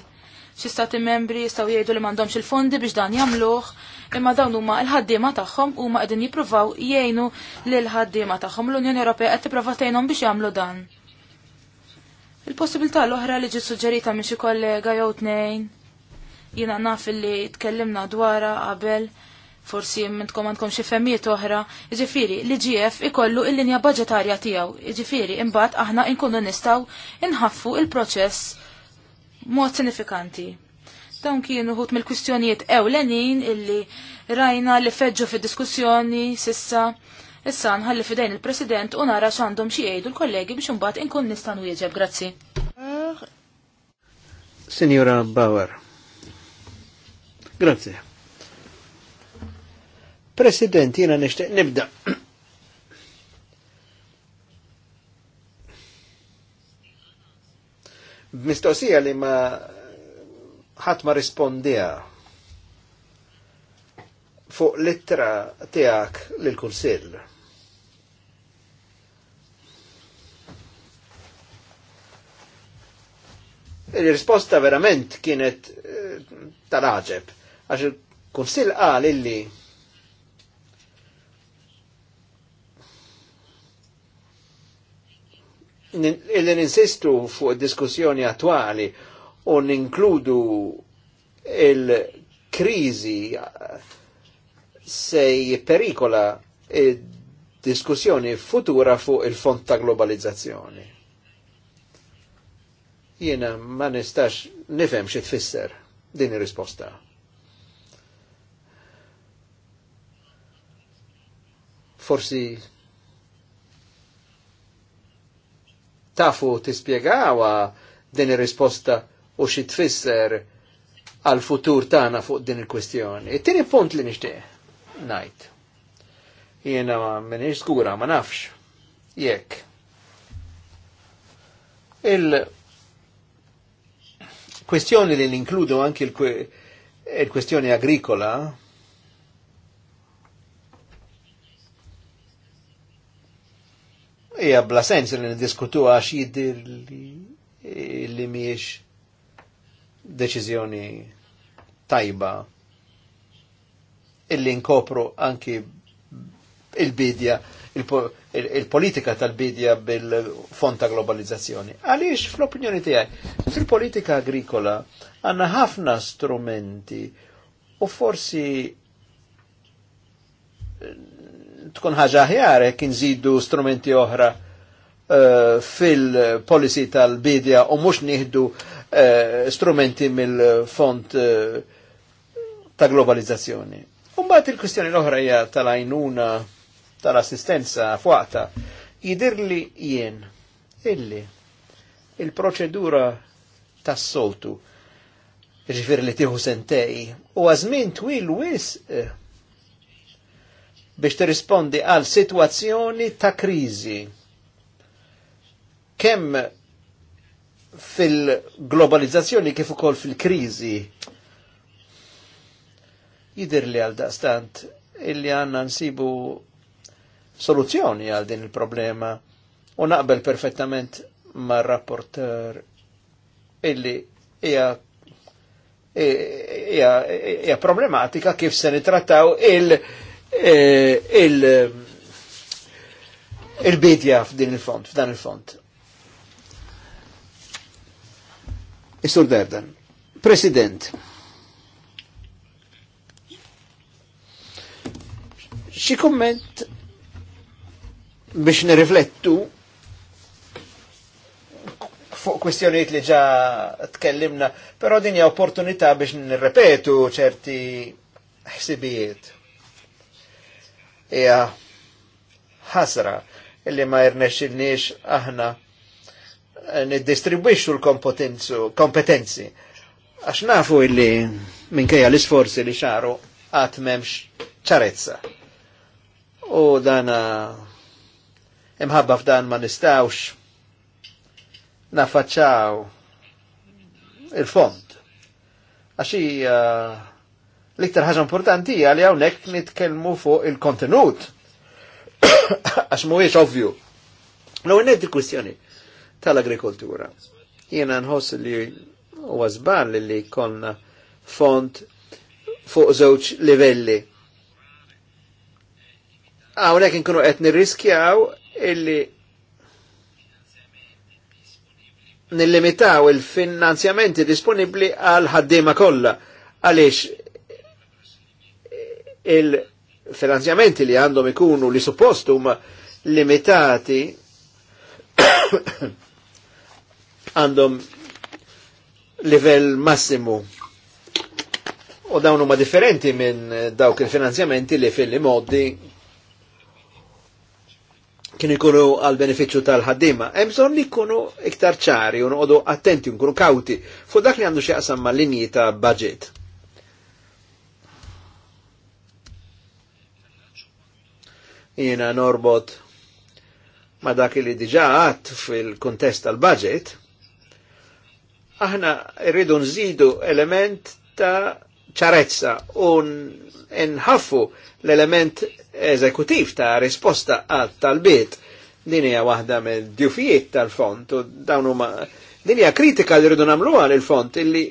Xi stati membri jistgħu jgħidu li m'għandhomx il-fondi biex dan jagħmluh, imma dawn huma l-ħaddiema tagħhom huma qegħdin jippruvaw jgħinu lil ħaddiema tagħhom. L-Unjoni Ewropea qed tipprova tgħinhom biex jagħmlu dan Il-possibilità l-oħra li ġi suġġerita minn xi kollega jew tnejn. Jiena naf li tkellimna dwarha qabel forsi minnkom għandkom xi femmijiet oħra, jiġifieri li GF ikollu il-linja budgetarja tiegħu, jiġifieri imbagħad aħna nkunu nistgħu inħaffu il-proċess mod sinifikanti. Dawn kienu ħut mill-kwistjonijiet ewlenin illi rajna li feġġu fid-diskussjoni sissa Issa nħalli fidejn il-President u nara x'għandhom xi jgħidu l-kollegi biex unbat inkun nistanu jieġeb, Grazzi. Signora Bauer. Grazzi. President, jiena nixtieq nibda. Mistoqsija li ma ħadd ma rispondija fuq l-ittra tijak l kunsill. Il-risposta verament kienet eh, tal-aġeb, għax il-kunsill għal illi illi ninsistu fuq diskussjoni attuali un ninkludu il-krizi se jiperikola diskussjoni futura fuq il font ta' globalizzazzjoni. Jiena ma nistax nifem xi tfisser din il risposta Forsi tafu tispiegawa din il risposta u xie tfisser għal futur tagħna fuq din il-kwestjoni. Tini punt li nixtieq najt. Jena ma minix ma nafx. Jekk. Il-kwestjoni li ninkludu anki il-kwestjoni agrikola hija bla sens li niddiskutu għax jiddir li miex deċiżjoni tajba illi nkopru anki il-bidja, il-politika tal-bidja bil fonta globalizzazzjoni. Għaliex, fl-opinjoni tijaj, fil-politika agrikola għanna ħafna strumenti u forsi eh, tkun ħaġa ħjar kien zidu strumenti oħra eh, fil polisi tal-bidja u mux nieħdu eh, strumenti mill font ta' globalizzazzjoni. Umbat il kustjoni l-oħra hija tal-għajnuna tal-assistenza fuqta jidirli jien illi il-proċedura tas-soltu ġifir li tiħu sentej u għazmin twil wis eh, biex tirrispondi għal situazzjoni ta' kriżi. Kemm fil-globalizzazzjoni kif ukoll fil kriżi Jidir li għal daqstant illi għanna nsibu soluzzjoni għal din il-problema u naqbel perfettament ma' rapporter illi hija hija problematika kif se nitrattaw il eh, il il-bidja f'din il-font, f'dan il-font. Isur Derdan, President, Xi kumment biex nirriflettu fuq kwestjonijiet li ġa tkellimna, però din hija opportunità biex nirrepetu ċerti ħsibijiet. Hija ħasra illi ma jirnexxilniex aħna niddistribwixxu l-kompetenzi. Għax nafu illi minkejja l-isforzi li xaru għat memx ċarezza U dana imħabba f'dan ma nistawx nafacċaw il-fond. Għaxi uh, l-iktar ħaġa importanti għal li hawnhekk nitkellmu fuq il-kontenut. Għax mhuwiex ovvju. Law ned il-kwistjoni tal-agrikoltura. Jiena nħoss li huwa żball li konna font fuq żewġ livelli Hawnhekk inkunu għet nirriskjaw illi nillimitaw il-finanzjamenti disponibli għal ħaddima kolla. Għalix il-finanzjamenti li għandhom ikunu li suppostum limitati għandhom livell massimu. U dawnu ma differenti minn dawk il-finanzjamenti li fil li moddi kien ikunu għal beneficju tal-ħaddima. Hemm li kunu iktar ċari u noqogħdu attenti, nkunu kauti fuq dak li għandu xieqsam ma linji ta' budget. Jena norbot ma dak li diġa għat fil-kontest tal-budget, aħna rridu nżidu element ta' ċarezza un nħaffu l-element eżekutiv ta' risposta għal tal-bit din hija waħda minn djufijiet tal-font u dawn huma din hija kritika li rridu għal il font illi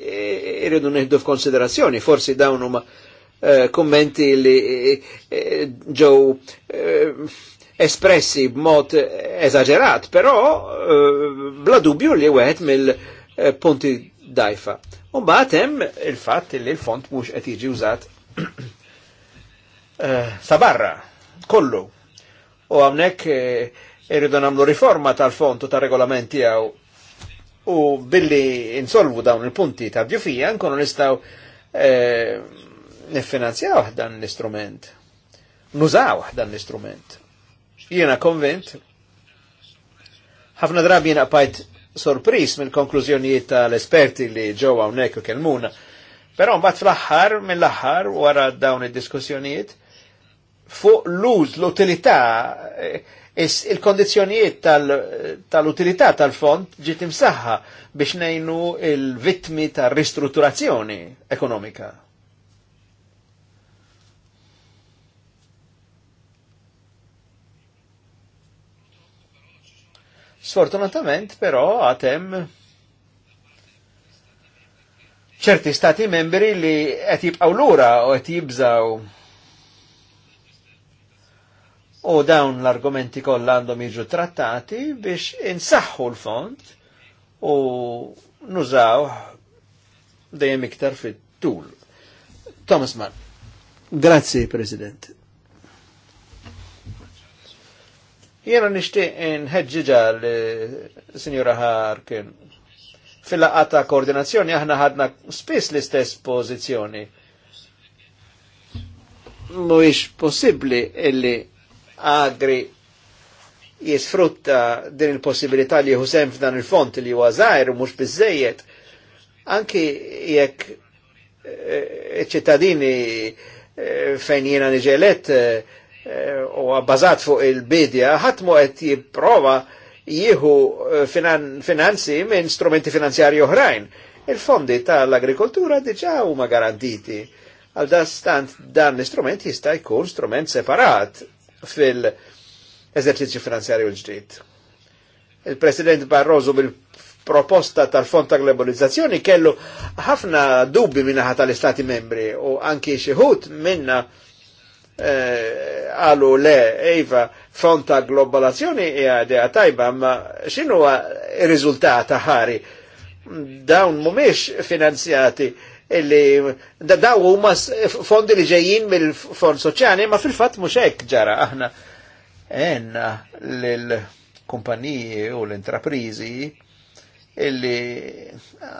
rridu nieħdu f'konsiderazzjoni, forsi dawn huma uh, kummenti li eh, eh, ġew espressi b'mod eżaġerat, però uh, bla dubju li wieħed mill-punti dajfa. U hemm il-fatt li l-font mhux qed jiġi użat Eh, sabarra, kollu. U għamnek eh, irridu namlu riforma tal-fontu ta' regolamenti għaw u billi insolvu dawn il-punti ta' bjufija nkunu nistaw eh, nifinanzjaw dan l-istrument. Nużaw dan l-istrument. Jiena konvent, ħafna drabi jiena pajt sorpris mill konklużjonijiet tal-esperti li ġew hawnhekk u kelmuna. Però mbagħad fl-aħħar mill-aħħar wara dawn id-diskussjonijiet fuq l-uż, l-utilità, eh, il-kondizjonijiet tal-utilità tal tal-font ġiet imsaħħa biex nejnu il vitmi tal ristrutturazzjoni ekonomika. Sfortunatament, però, għatem ċerti stati membri li qed jibqgħu lura u qed jibżaw u dawn l-argumenti kollha għandhom jiġu trattati biex insaħħu l-font u nużaw dejjem iktar fit-tul. Thomas Mann. Grazzi, President. Jena nishtiq nħedġiġa l eh, sinjura Harkin. Fil-laqata koordinazzjoni aħna ħadna spiss l-istess pożizzjoni mhuwiex possibbli illi Agri jisfrutta din il-possibilità li jħusem f'dan il-font li huwa zaħir u mhux biżejjed, anki jekk eh, ċittadini eh, fejn jiena niġelet eh, u għabbażat fuq il-bidja, ħatmu qed jipprova jieħu finanzi minn strumenti finanzjari oħrajn. Il-fondi tal-agrikoltura diġa huma garantiti. Għal stant dan l-istrument jista' jkun strument separat fil-eżerċizzju finanzjarju l-ġdid. Il-President Barroso bil-proposta tal-Fond ta' Globalizzazzjoni kellu ħafna dubbi minnaħa tal-Istati membri u anki xieħut minna eh, għalu le, Eva, fond ta' globalazzjoni hija tajba, ma xinu il-riżultat ħari? Dawn mumiex finanzjati illi daw huma fondi li ġejjin mill-fond soċjali, ma fil-fatt mhux hekk ġara aħna għenna lill-kumpaniji u l-intraprizi illi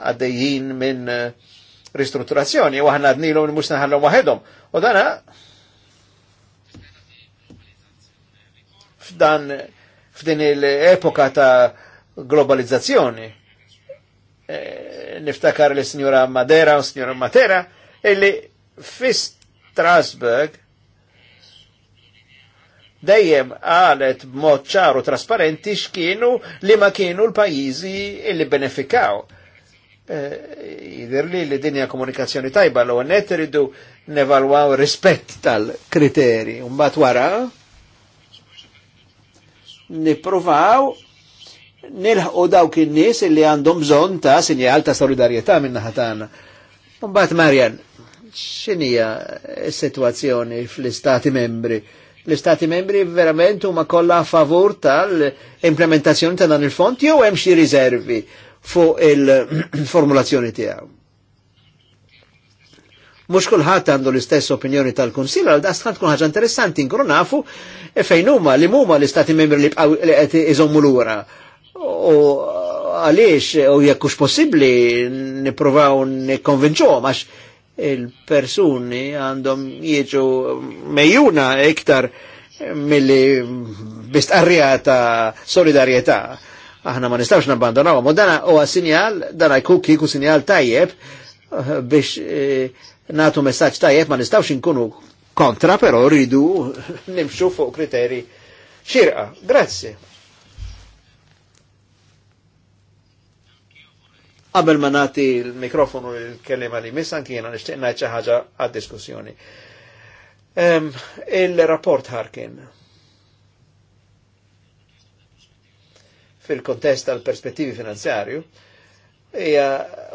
għaddejjin minn eh, ristrutturazzjoni u aħna għadnilu minn mux naħallhom waħedhom. U dana f'dan f'din l-epoka ta' globalizzazzjoni Eh, niftakar li signora Madera u signora Matera, illi fi Strasburg dejjem għalet mod ċaru trasparenti x'kienu li ma kienu l pajizi illi benefikaw. Eh, Jidir li li dinja komunikazzjoni tajba l net ridu nevalwaw rispett tal-kriteri. Mbagħad wara nippruvaw nilħqu dawk in-nies li għandhom bżonn ta' sinjal ta' solidarjetà minn naħa tagħna. Mbagħad Marjan, x'inhija s-sitwazzjoni fl-istati membri? L-istati membri verament huma kollha favur tal-implementazzjoni ta' dan il-fond jew hemm xi riservi fuq il-formulazzjoni tiegħu. Mux kullħat għandu l-istess opinjoni tal-Konsil, għal dastan tkun ħaġa interessanti, nkunu nafu e fejn huma li huma l-istati membri li qed iżommu lura u għaliex u jekkux possibli niprovaw nikonvinċu, għax il-persuni għandhom jieġu mejjuna iktar mill-li bistqarrijata solidarieta. Aħna ma nistawx nabbandonaw, u dana u sinjal, dana jkun kiku sinjal tajjeb biex eh, natu messaċ tajjeb ma nistawx nkunu kontra, pero rridu nimxu fuq kriteri xirqa. Grazie. Qabel ma nagħti l-mikrofonu l-kelima li missan kiena nixtieq ngħid xi ħaġa għad-diskussjoni. Il-rapport Harkin. fil-kontest tal-perspettivi finanzjarju, hija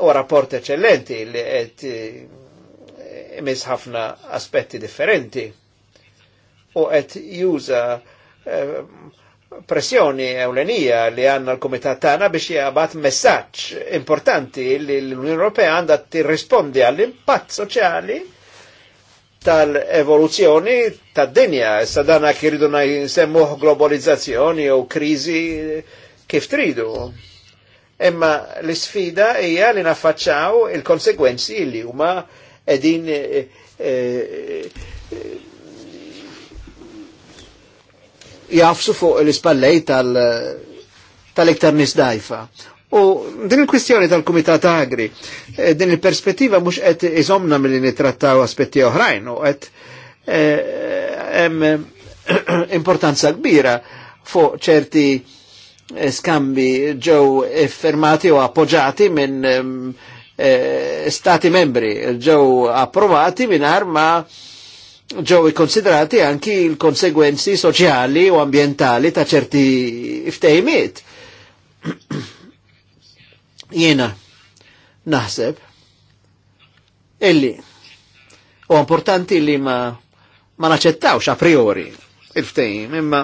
u rapport eccellenti li qed eh, imis ħafna aspetti differenti u qed juża eh, pressjoni ewlenija li għanna l-Komitat tagħna biex jgħabat messaġġ importanti li l-Unjoni Ewropea għandha tirrispondi għall-impatt soċjali tal-evoluzzjoni tad-dinja. Issa dana kiridu nsemmuh globalizzazzjoni jew kriżi kif tridu. Imma l isfida hija li naffaċċaw il-konsegwenzi li huma qegħdin eh, eh, jafsu fuq l-ispallej tal-iktar nisdajfa. U din il-kwistjoni tal-Kumitat Agri, eh, din il-perspettiva mux għet izomna mill nitrattaw aspetti oħrajn u għet eh, eh, importanza kbira fuq ċerti skambi ġew effermati u appoġati minn stati membri ġew approvati minn ma' ġew ikkonsidrati anki l-konsegwenzi soċjali u ambientali ta' ċerti ftejmiet. Jiena naħseb illi u importanti li ma ma naċċettawx a priori il-ftejm imma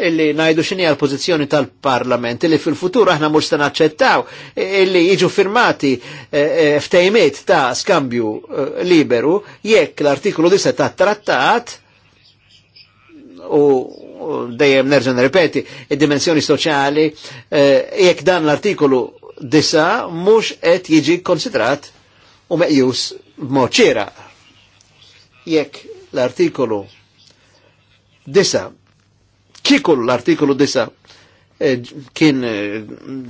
illi najdu xini għal pozizjoni tal-parlament illi fil-futur aħna mux ta' naċċettaw illi jiġu firmati eh, eh, ftejmet ta' skambju eh, liberu jekk l-artiklu 10 ta' trattat u dejjem nerġa' ripeti, id-dimensjoni soċjali jekk dan l-artikolu disa mhux qed jiġi konsidrat u meqjus b'mod Jekk l-artikolu disa ċiklu l-artikolu disa eh, kien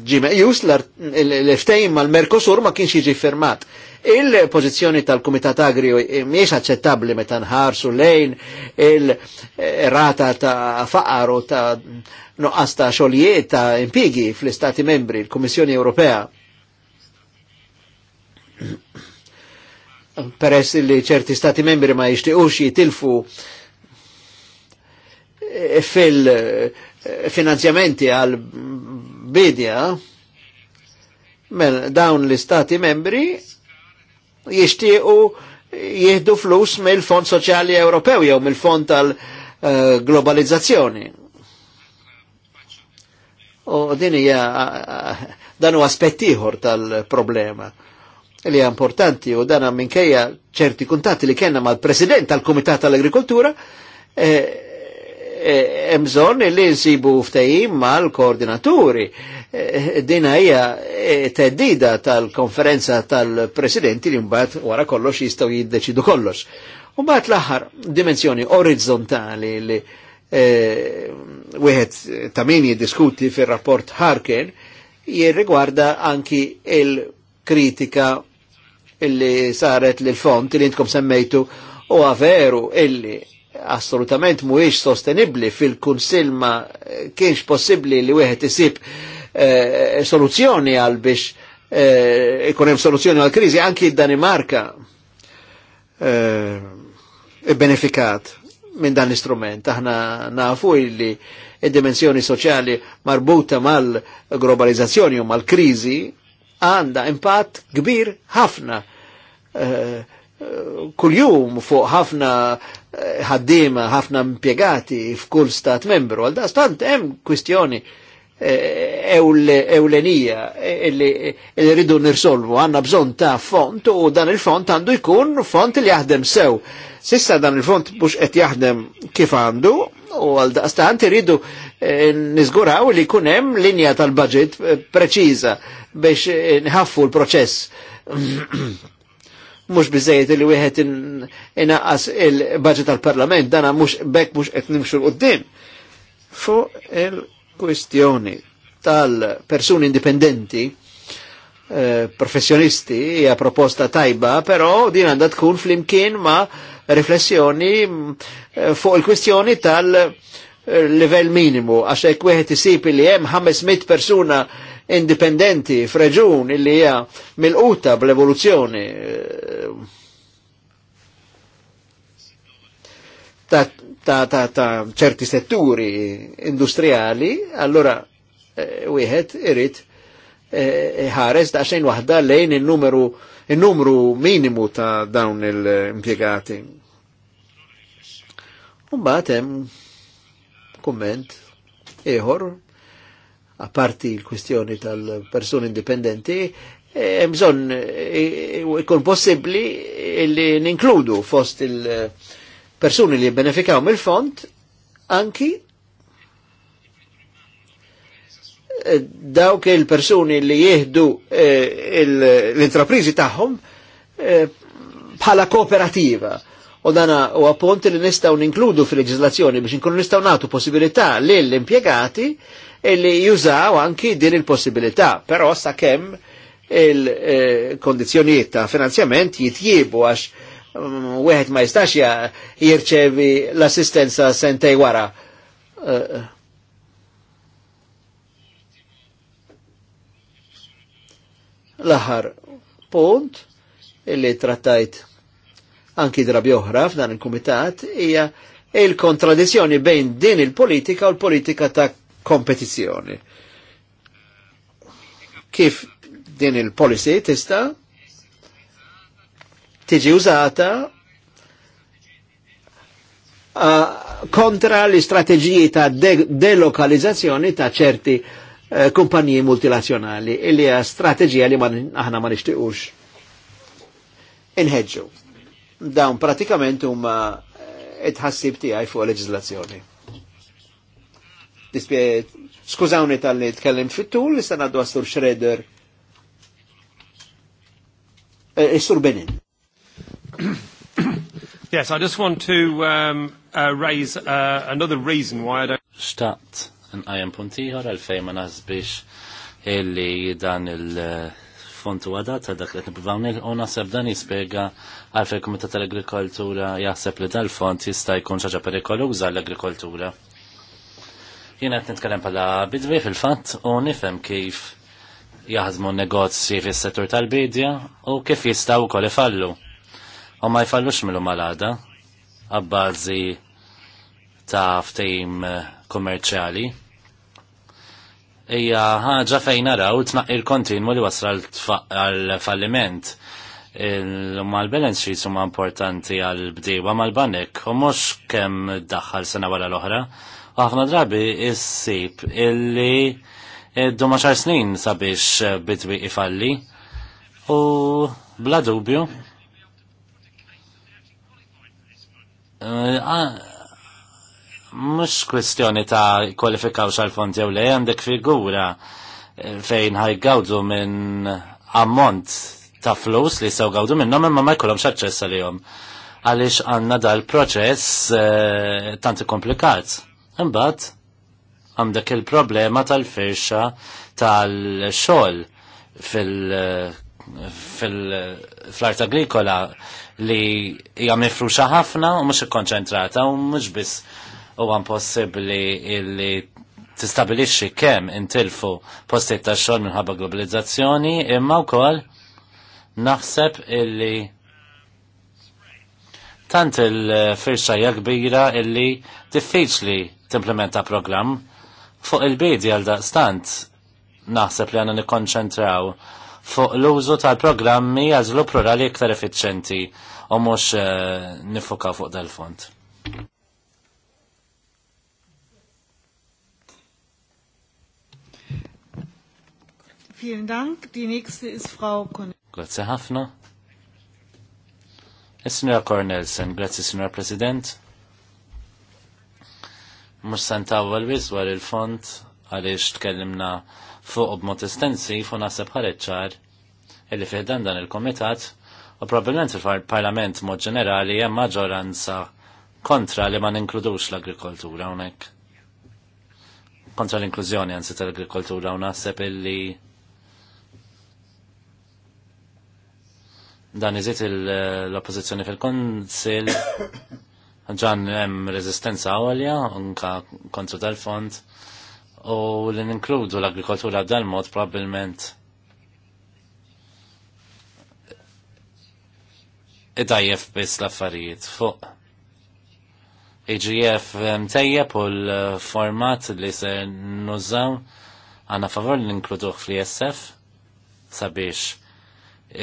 ġimejus eh, l-ftejn l merkosur ma kienx jiġi firmat. Il-pozizjoni tal-Kumitat Agri miex aċċettabli meta nħarsu lejn il-rata ta' faqar u ta' nuqqas ta' xoljiet ta' impigi fl-Istati membri, l-Kummissjoni Ewropea. Peress li ċerti Stati membri ma jixtiequx jitilfu fil-finanzjamenti għal bidja dawn l-istati membri jishtiqu jihdu flus mill-Fond Soċjali Ewropew jew mill-Fond tal-Globalizzazzjoni. U din hija dan huwa aspett tal-problema li hija importanti u dan minkejja ċerti kuntatti li kellna mal-President tal-Kumitat tal-Agrikoltura eh, E, emżon li nsibu ftejim l koordinaturi e, Dina hija e, teddida tal-konferenza tal-presidenti li mbagħad wara kollox jistgħu jiddeċidu kollox. U mbagħad l-aħħar dimensjoni orizzontali li wieħed tamini jiddiskuti fir-rapport Harken jirrigwarda anki il-kritika illi saret l font li intkom semmejtu u għaveru illi assolutament mhuwiex sostenibli fil kunsil ma eh, kienx possibli li wieħed isib e, soluzzjoni għal biex eh, ikun e, hemm soluzzjoni għal krizi anki d-Danimarka e, benefikat minn dan l-istrument. Aħna nafu illi id-dimensjoni soċjali marbuta mal-globalizzazzjoni u mal krizi għanda impatt kbir ħafna. Uh, kuljum fuq ħafna eh, ħaddima, ħafna impiegati f'kull stat membru. Għal stant hemm kwistjoni eh, ewlenija eh, li rridu nirsolvu għanna bżon ta' font u dan il-font għandu jkun font li jaħdem sew. Sissa dan il-font bux qed jaħdem kif għandu u għal daqstant rridu nizguraw li jkun hemm linja tal-budget preċiża biex nħaffu l-proċess. mhux biżejjed li wieħed inaqqas il-budget tal-Parlament, dana mhux bekk mhux qed nimxu l-qudiem. Fuq il-kwistjoni tal-persuni indipendenti eh, professjonisti hija proposta tajba, però din għandha tkun flimkien ma' riflessjoni eh, fuq il-kwistjoni tal- eh, level minimu, għax hekk wieħed isib li hemm 500 persuna indipendenti f'reġun illi hija milquta bl-evoluzzjoni eh, ta' ta', ta, ta ċerti setturi industriali, allora e, wieħed irid eh, ħares e, daqsxejn waħda lejn il-numru il-numru minimu ta' dawn il-impjegati. Umbat hemm kumment ieħor a parti l-kwistjoni tal-persuni indipendenti, e bżon e, e, ikun possibli li ninkludu fost il-persuni li jibbenefikaw mill-fond anki dawk il-persuni li jihdu l-intraprizi tagħhom bħala kooperativa. U dana u appunti li nistaw ninkludu fil-leġizlazzjoni biex nkunu nistaw natu possibilità li l-impiegati illi jużaw anki din il-possibilità, però sa kemm il-kondizjonijiet ta' finanzjament jitjiebu għax mm, wieħed ma jistax jirċevi l-assistenza sentej wara. Eh, eh. L-aħħar punt illi trattajt anki drabi oħra f'dan il-kumitat hija il-kontradizzjoni bejn din il-politika u l-politika ta' kompetizzjoni. Kif din il-policy tista tiġi użata kontra l-istrateġiji ta' de delokalizzazzjoni ta' ċerti eh, kumpaniji multilazzjonali, illi hija strateġija li aħna ma nixtiequx inħeġġu. Dawn pratikament huma eh, itħassib tiegħi fuq leġiżlazzjoni. Skużawni tal-li tkellem fit-tul, li s sanaddu għastur Shredder. Istur eh, eh, Benin. Yes, I just want to um, uh, raise uh, another reason why I don't... Stat, an ajan puntiħor għal-fejman għazbix illi dan il uh, fontu u għadat dak li t-bivawni l nilqu seb dan jispiega għalfej Kumitat tal-Agrikoltura jaħseb li dal-font jista' jkun xaġa perikoluża l-agrikoltura. Jiena qed nitkellem bħala bidwi fil-fatt u nifhem kif jaħdmu negozji fis-settur tal-bidja u kif jistgħu wkoll ifallu. U ma jfallux mill malada għabbażi ta' ftejm eh, kummerċjali. Ija ħaġa fejn naraw tnaqqi l-kontinwu li wasra għal-falliment. Mal-balance sheets huma importanti għal-bdiewa mal-banek u mhux kemm daħħal sena wara l-oħra, ħafna drabi issib illi id-duma xar snin sabiex eh, bitwi ifalli u bla dubju eh, mux kwestjoni ta' kwalifikaw xal-fonti jew le għandek figura eh, fejn ħajgawdu minn ammont ta' flus li sew gawdu minnhom imma ma xaċċessa li għalihom. Għaliex għandna dal-proċess tant komplikat. Imbagħad għandek il-problema tal-firxa tal-xogħol fil- fil-art agrikola li hija mifruxa ħafna u mhux ikkonċentrata u mhux biss huwa impossibbli li tistabilixxi kemm intilfu postijiet ta' xogħol minħabba globalizzazzjoni imma wkoll naħseb illi tant il-firxa hija kbira illi diffiċli timplementa program fuq il-bidi għal stant naħseb li għanna nikonċentraw fuq l-użu tal-programmi għazlu plurali iktar effiċenti u mux eh, nifuka fuq dal-fond. Vielen Dank. Die nächste ist Frau Cornelsen. Grazie ħafna. Signora Cornelsen, grazie Signora President. Mux sentawa l wiz il-font għaliex tkellimna fuq b'mod estensiv u naħseb ħareċċar illi fiħdan dan il-komitat u probabbilment il-parlament mod ġenerali hemm maġġoranza kontra li ma ninkludux l-agrikoltura hawnhekk. Kontra l-inklużjoni anzi tal-agrikoltura u naħseb illi dan iżit l-oppożizzjoni fil-Konsil ġan hemm rezistenza għawalja unka kontru tal-fond u li ninkludu l-agrikoltura dal-mod probabbilment idajjef biss l-affarijiet fuq. IGF mtejjeb u l-format li se nużaw għanna favor l-inkluduħ fl-ISF sabiex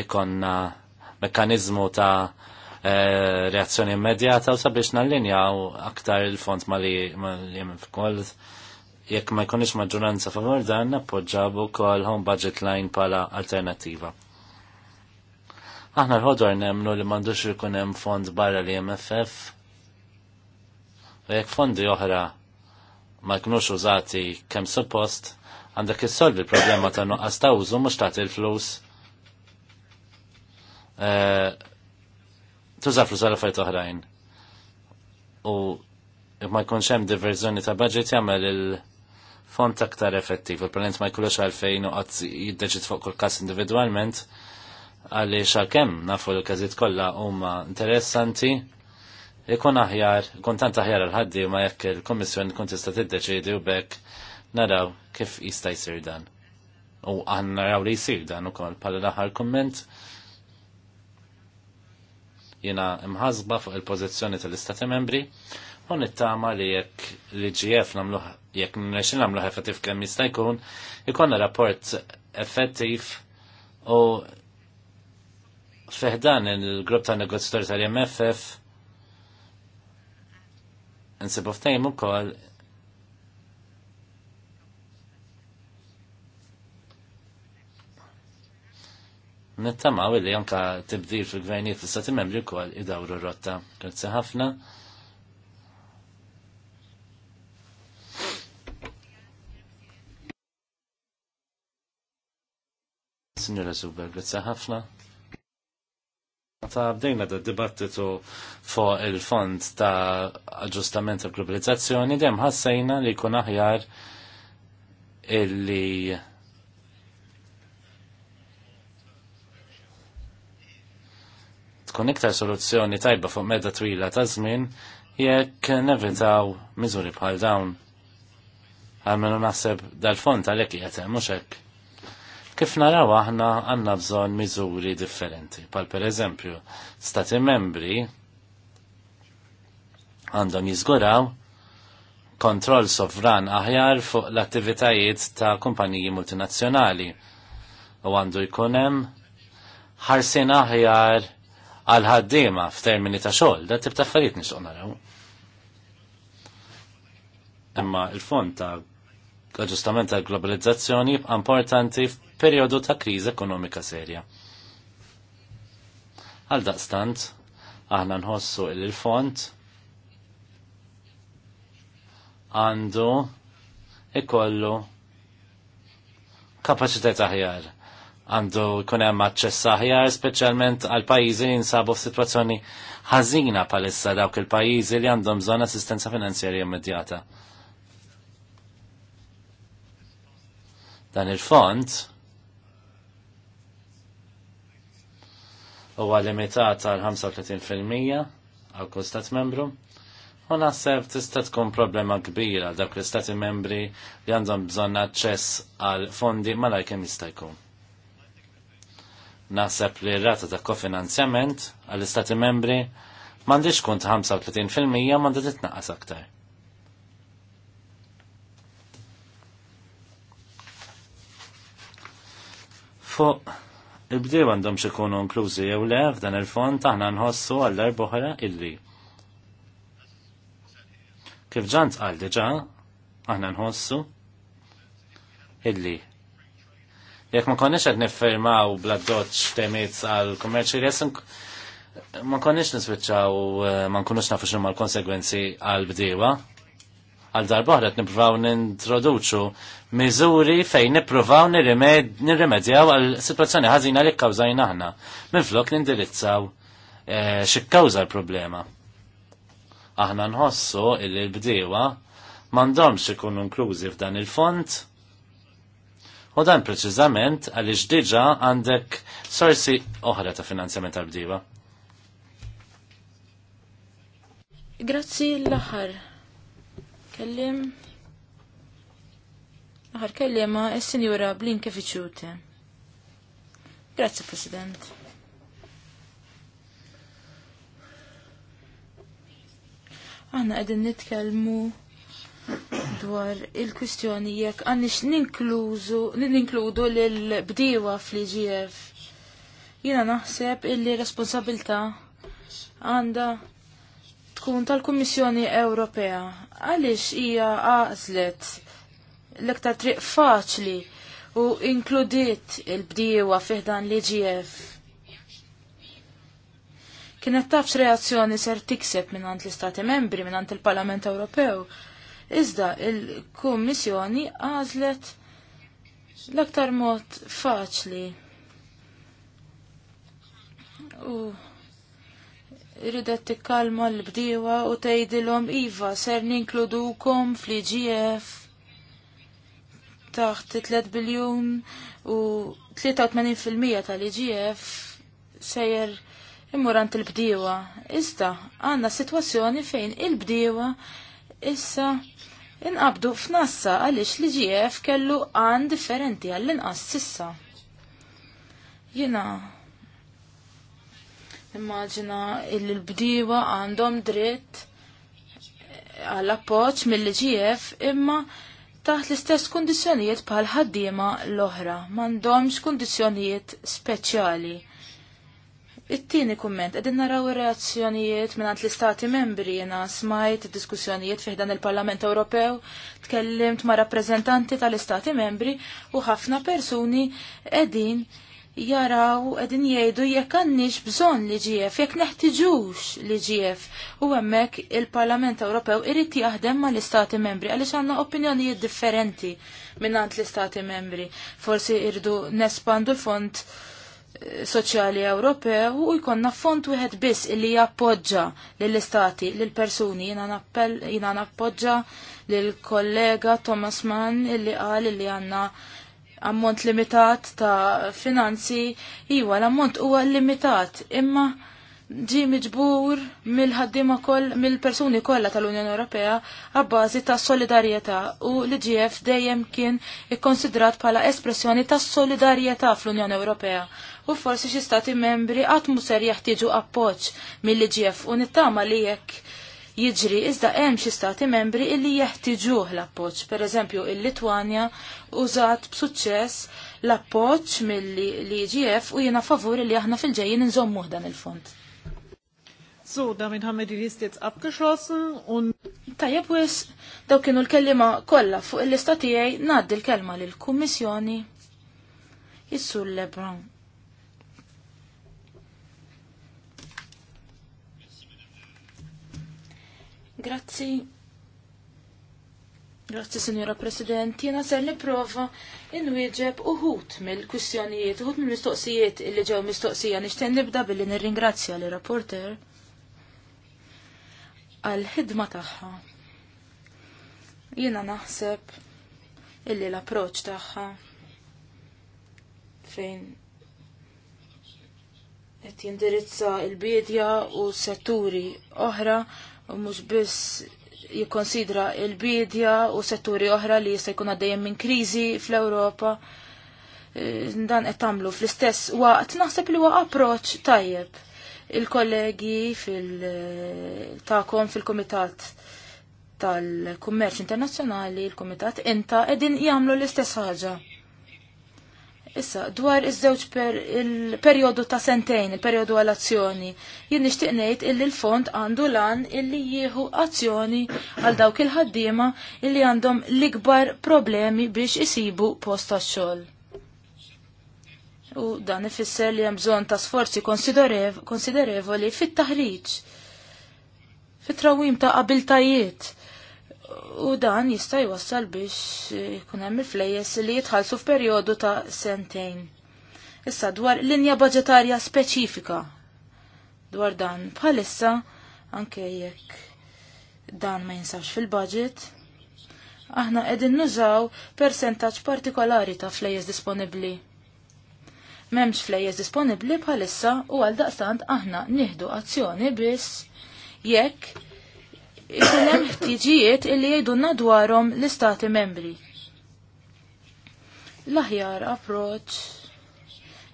ikonna mekanizmu ta' Eh, reazzjoni immedjata u sabiex u aktar il-font ma li jemen f'koll jekk ma jkunix maġġoranza favor dan appoġġabu kol home budget line pala alternativa. Aħna l-ħodor nemnu li mandux ikun hemm fond barra li MFF u jekk fondi oħra ma jkunux użati kemm suppost għandek issolvi l-problema ta' nuqqas ta' użu mhux tagħti il flus eh, tuża l għal fajt oħrajn. U ma jkunx hemm diverżjoni ta' budget jagħmel il- font aktar effettiv. Il-planet ma jkunx għalfejn u għat jiddeċid fuq kull kas individualment, għalli xalkemm nafu l-kazit kollha huma interessanti, ikun aħjar, kun tant aħjar għal-ħaddi ma jekk il-Kommissjoni kun tista' tiddeċiedi u bekk naraw kif jista' jsir dan. U aħna naraw li jsir dan ukoll bħala l-aħħar kumment jina imħazba fuq il-pozizjoni tal-Istati membri u nittama li jekk l-IGF namluħ, jekk n-nexin namluħ effettiv kemm jista' jkun, rapport effettiv u feħdan il-grupp ta' negozjatori tal-MFF nsibu ftejmu kol Nittamaw li anka tibdil fil-gvernijiet fl-Stati Membri wkoll idawru rotta. Grazzi ħafna. Signora Zuber, grazzi ħafna. Ta' bdejna da' dibattitu fuq il-fond ta' aġġustament tal globalizzazzjoni, dem ħassajna li kun aħjar illi tkun iktar soluzzjoni tajba fuq medda twila ta' żmien jekk nevitaw miżuri bħal dawn. Għalmenu naħseb dal-fond għalhekk qiegħed mhux hekk. Kif naraw aħna għandna bżonn miżuri differenti, pal pereżempju stati membri għandhom jiżguraw kontroll sovran aħjar fuq l-attivitajiet ta' kumpaniji multinazzjonali u għandu jkun hemm ħarsin aħjar għal ħaddiema f'termini ta' xogħol, da tib ta' affarijiet nisqgħu naraw. Imma l fond ta' aġġustament ta' globalizzazzjoni jibqa' importanti f'perjodu ta' kriżi ekonomika serja. Għal daqstant, aħna nħossu il-fond għandu ikollu kapacità aħjar għandu jkun hemm aċċess aħjar, speċjalment għal pajjiżi li jinsabu f'sitwazzjoni ħażina bħalissa dawk il-pajjiżi li għandhom bżonn assistenza finanzjarja immedjata. Dan il-fond huwa limitat għal 35% għal kull stat membru. U naħseb tista' tkun problema kbira dak l-istati membri li għandhom bżonn aċċess għal fondi malajr kemm jista' jkun. Naħseb li r-rata ta' kofinanzjament għall-Istati membri m'għandix kun ta' 35% m'għandha titnaqqas aktar. Fuq il-bdew għandhom kunu inklużi jew le f'dan il-fond aħna nħossu għall-erboħra illi. Kif ġant għal diġa, aħna nħossu illi Jekk ma konniex għed niffirmaw bla doċ temiet għal commercial jessin, ma konniex niswiċċaw eh, ma nkunux nafu xumma l-konsegwenzi għal bdiwa. Għal darba għed nippruvaw nintroduċu miżuri fejn nippruvaw nirrimedjaw għal sitwazzjoni ħażina li kkawżajna aħna. Minflok nindirizzaw eh, xi kkawża l-problema. Aħna nħossu il bdiwa m'għandhomx ikunu inklużi f'dan il-font U dan preċiżament għaliex diġa għandek sorsi oħra ta' finanzjament għal bdiva Grazzi l-aħħar. Kellim. Aħar kellima is-Sinjura Blinkeviċute. Grazzi, President. Aħna qegħdin nitkellmu dwar il-kwistjoni jekk għannix ninkludu l-bdiewa fl-IGF. Jiena naħseb illi responsabilta għanda tkun tal-Kummissjoni Ewropea. Għaliex hija għażlet l-iktar triq faċli u inkludiet il bdiwa fiħdan l-IGF. Kienet tafx reazzjoni ser tikseb minn għand l-Istati Membri, minn il-Parlament Ewropew iżda il-Kummissjoni għażlet l-aktar mod faċli. U irridet tikkalma l-bdiewa u tgħidilhom iva ser ninkludukom fl-IGF taħt 3 biljun u 83% tal-IGF sejjer immurant il-bdiewa. Iżda għandna sitwazzjoni fejn il-bdiewa il il bdiewa issa inqabdu f'nassa għaliex li GF kellu għan differenti għall-inqas sissa. Jena immaġina illi l bdiwa għandhom dritt għall appoġġ mill-GF imma taħt l-istess kundizzjonijiet bħal ħaddiema l-oħra, m'għandhomx kundizzjonijiet speċjali. It-tieni kumment, qegħdin naraw ir-reazzjonijiet mingħand l-istati membri jiena smajt id-diskussjonijiet fih dan il-Parlament Ewropew, tkellimt ma' rappreżentanti tal-istati membri u ħafna persuni qegħdin jaraw qegħdin jgħidu jekk għandniex bżonn li ġief, jekk neħtiġux li ġief. U hemmhekk il-Parlament Ewropew irid jaħdem mal istati membri għaliex għandna opinjonijiet differenti mingħand l-istati membri. Forsi irdu nespandu l-fond soċjali Ewropew u jkollna font wieħed biss illi jappoġġa lill-istati lill persuni jina nappoġġa lill kollega Thomas Mann illi qal illi għandna ammont limitat ta' finanzi iwa l-ammont huwa limitat imma ġi miġbur mill-ħaddima koll mill-persuni kollha tal-Unjoni Ewropea għabbażi ta' solidarjetà u l gf dejjem kien ikkonsidrat bħala espressjoni ta' solidarjetà fl-Unjoni Ewropea u forsi xi stati membri qatt mu ser jeħtieġu appoġġ mill-IGF u nittama li jekk jiġri iżda hemm xi stati membri illi jeħtieġuh l-appoġġ. Pereżempju il-Litwanja użat b'suċċess l-appoġġ mill-IGF u jiena favur li aħna fil-ġejjin inżommuh dan il-fond. So, damit haben wir die Liste jetzt abgeschlossen und... Tajab wis, daw kienu l-kellima kolla fuq il-lista tijaj naddi l-kelma l-Kummissjoni. Jissu l-Lebron. Grazzi. Grazzi, Signora President. Jena ser niprofa inwieġeb uħut mill-kwistjonijiet, uħut mill-mistoqsijiet illi ġew mistoqsija. Nixten nibda billi nirringrazzja li rapporter għal-ħidma tagħha. Jena naħseb illi l-approċ tagħha fejn qed jindirizza l-bidja u setturi oħra mhux biss jikkonsidra il-bidja u setturi oħra li jista' jkun għaddejjem minn kriżi fl-Ewropa. E, dan qed tagħmlu fl-istess waqt naħseb li huwa approċċ tajjeb il-kollegi fil-takom fil kumitat tal-Kummerċ Internazzjonali, il kumitat Inta, qegħdin jagħmlu l-istess ħaġa. Issa, dwar iż-żewġ il-perjodu ta' sentejn, il-perjodu għal-azzjoni, jien nixtieq ngħid illi l-fond għandu lan illi jieħu azzjoni għal dawk il-ħaddiema illi għandhom l-ikbar problemi biex isibu post tax-xogħol. U dan ifisser li hemm bżonn ta' sforzi konsiderevoli fit-taħriġ, fit-trawim ta' qabiltajiet u dan jista' jwassal biex jkun hemm il-flejjes li jitħallsu f'perjodu ta' sentejn. Issa dwar linja budgetarja speċifika dwar dan bħalissa anke jekk dan ma jinsabx fil-budget. Aħna qegħdin nużaw percentaġġ partikolari ta' flejjes disponibbli. M'hemmx flejjes disponibbli bħalissa u għal daqstant aħna nieħdu azzjoni biss jekk ikun hemm ħtiġijiet illi jgħidunna dwarhom l-istati membri. L-aħjar approċ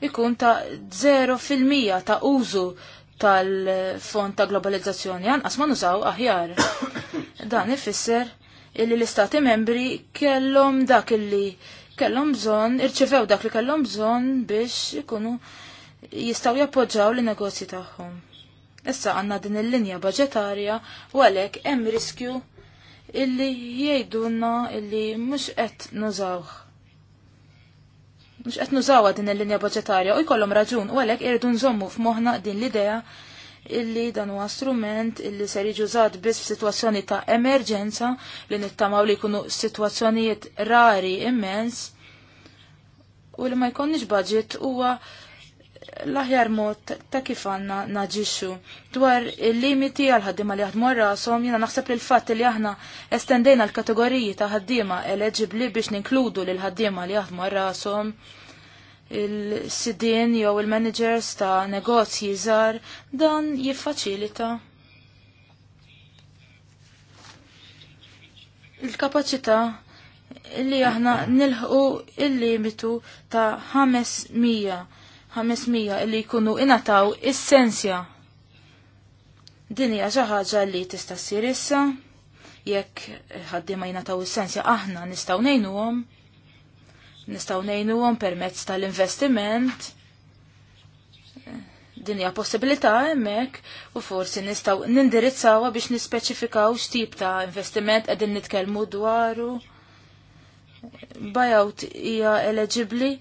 ikun ta' 0% ta' użu tal-fond ta' globalizzazzjoni għan ma nużaw aħjar. Dan ifisser illi l-istati membri kellhom dak illi kellhom bżonn, irċevew dak li kellhom bżonn biex ikunu jistgħu jappoġġaw l-negozji tagħhom. Issa għanna din il-linja budgetarja u għalek hemm riskju illi jgħidulna illi mhux qed nużawh. Mhux qed nużawha din il-linja budgetarja u jkollhom raġun u għalek irdu nżommu f'moħħna din l-idea illi dan huwa strument illi ser jiġi użat biss f'sitwazzjoni ta' emerġenza li nittamaw li jkunu sitwazzjonijiet rari immens u li ma jkollniex budget huwa l-aħjar mod ta' kif għanna naġixxu dwar il-limiti għal ħaddima li jaħdmu rasom jiena naħseb li l-fatt li aħna estendejna l-kategoriji ta' ħaddiema eleġibli biex ninkludu l ħaddiema li jaħdmu rasom il-sidin jew il-managers ta' negozji żgħar dan jiffaċilita il-kapaċità li aħna nilħqu il-limitu ta' 500 500 illi jkunu inataw is-sensja. Din hija xi ħaġa li tista' ssir issa jekk ħaddiema jingħataw is-sensja aħna nistgħu ngħinuhom nistgħu ngħinuhom permezz tal-investiment. Din hija possibilità hemmhekk u forsi nistgħu nindirizzawha biex nispeċifikaw x'tip ta' investiment qegħdin nitkellmu dwaru. Buyout hija eligibbli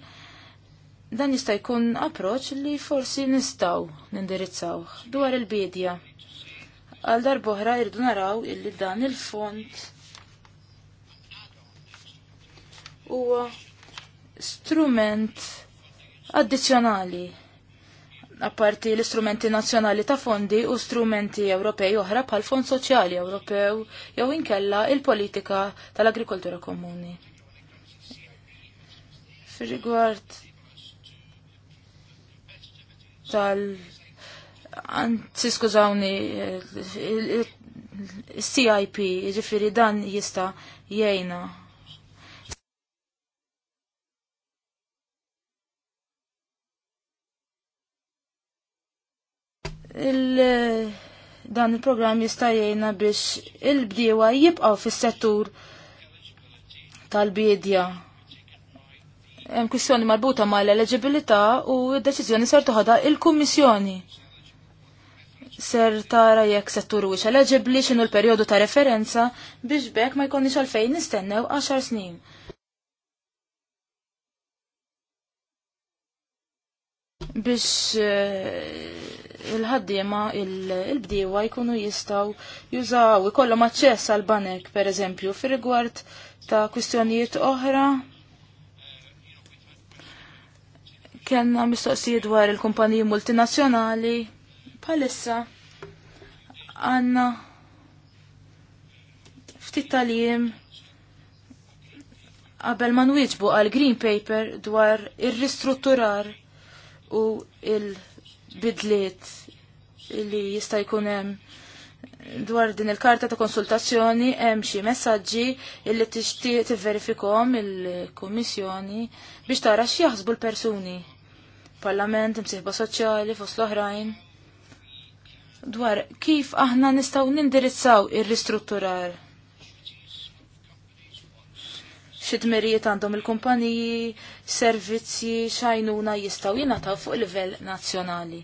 Dan jista' jkun approċ li forsi nistaw nindirizzaw dwar il-bidja. Għal darboħra irdu naraw illi dan il-font huwa strument addizzjonali apparti l-istrumenti nazzjonali ta' fondi u strumenti Ewropej oħra bħal Fond Soċjali Ewropew jew inkella il-politika tal-agrikoltura komuni. Fi rigward tal anzi skużawni CIP, ġifiri dan jista jajna. Il, dan il-programm jista jajna biex il-bdiewa jibqaw fis-settur tal-bidja hemm kwistjoni marbuta mal-eleġibilità u d-deċiżjoni ser toħodha il-Kummissjoni. Ser tara jekk settur wix eleġibli x'inhu l-perjodu ta' referenza biex bekk ma jkunniex għalfejn nistennew 10 snin. biex eh, il-ħaddiema il-bdiewa jkunu jistaw jużaw ikollhom aċċess għal banek per eżempju fir-rigward ta' kwistjonijiet oħra kellna mistoqsijiet dwar il-kumpaniji multinazzjonali palissa għanna ftit talim qabel ma nwieġbu għal Green Paper dwar ir-ristrutturar u il-bidliet li jista' jkun hemm dwar din il-karta ta' konsultazzjoni hemm xi messaġġi li tixtieq tivverifikhom il-Kummissjoni biex tara x'jaħsbu l-persuni parlament, msiħba soċjali, fost l-oħrajn, dwar kif aħna nistaw nindirizzaw ir-ristrutturar. Xidmerijiet għandhom il-kumpaniji, servizzi, xajnuna jistaw jinataw fuq livell nazzjonali.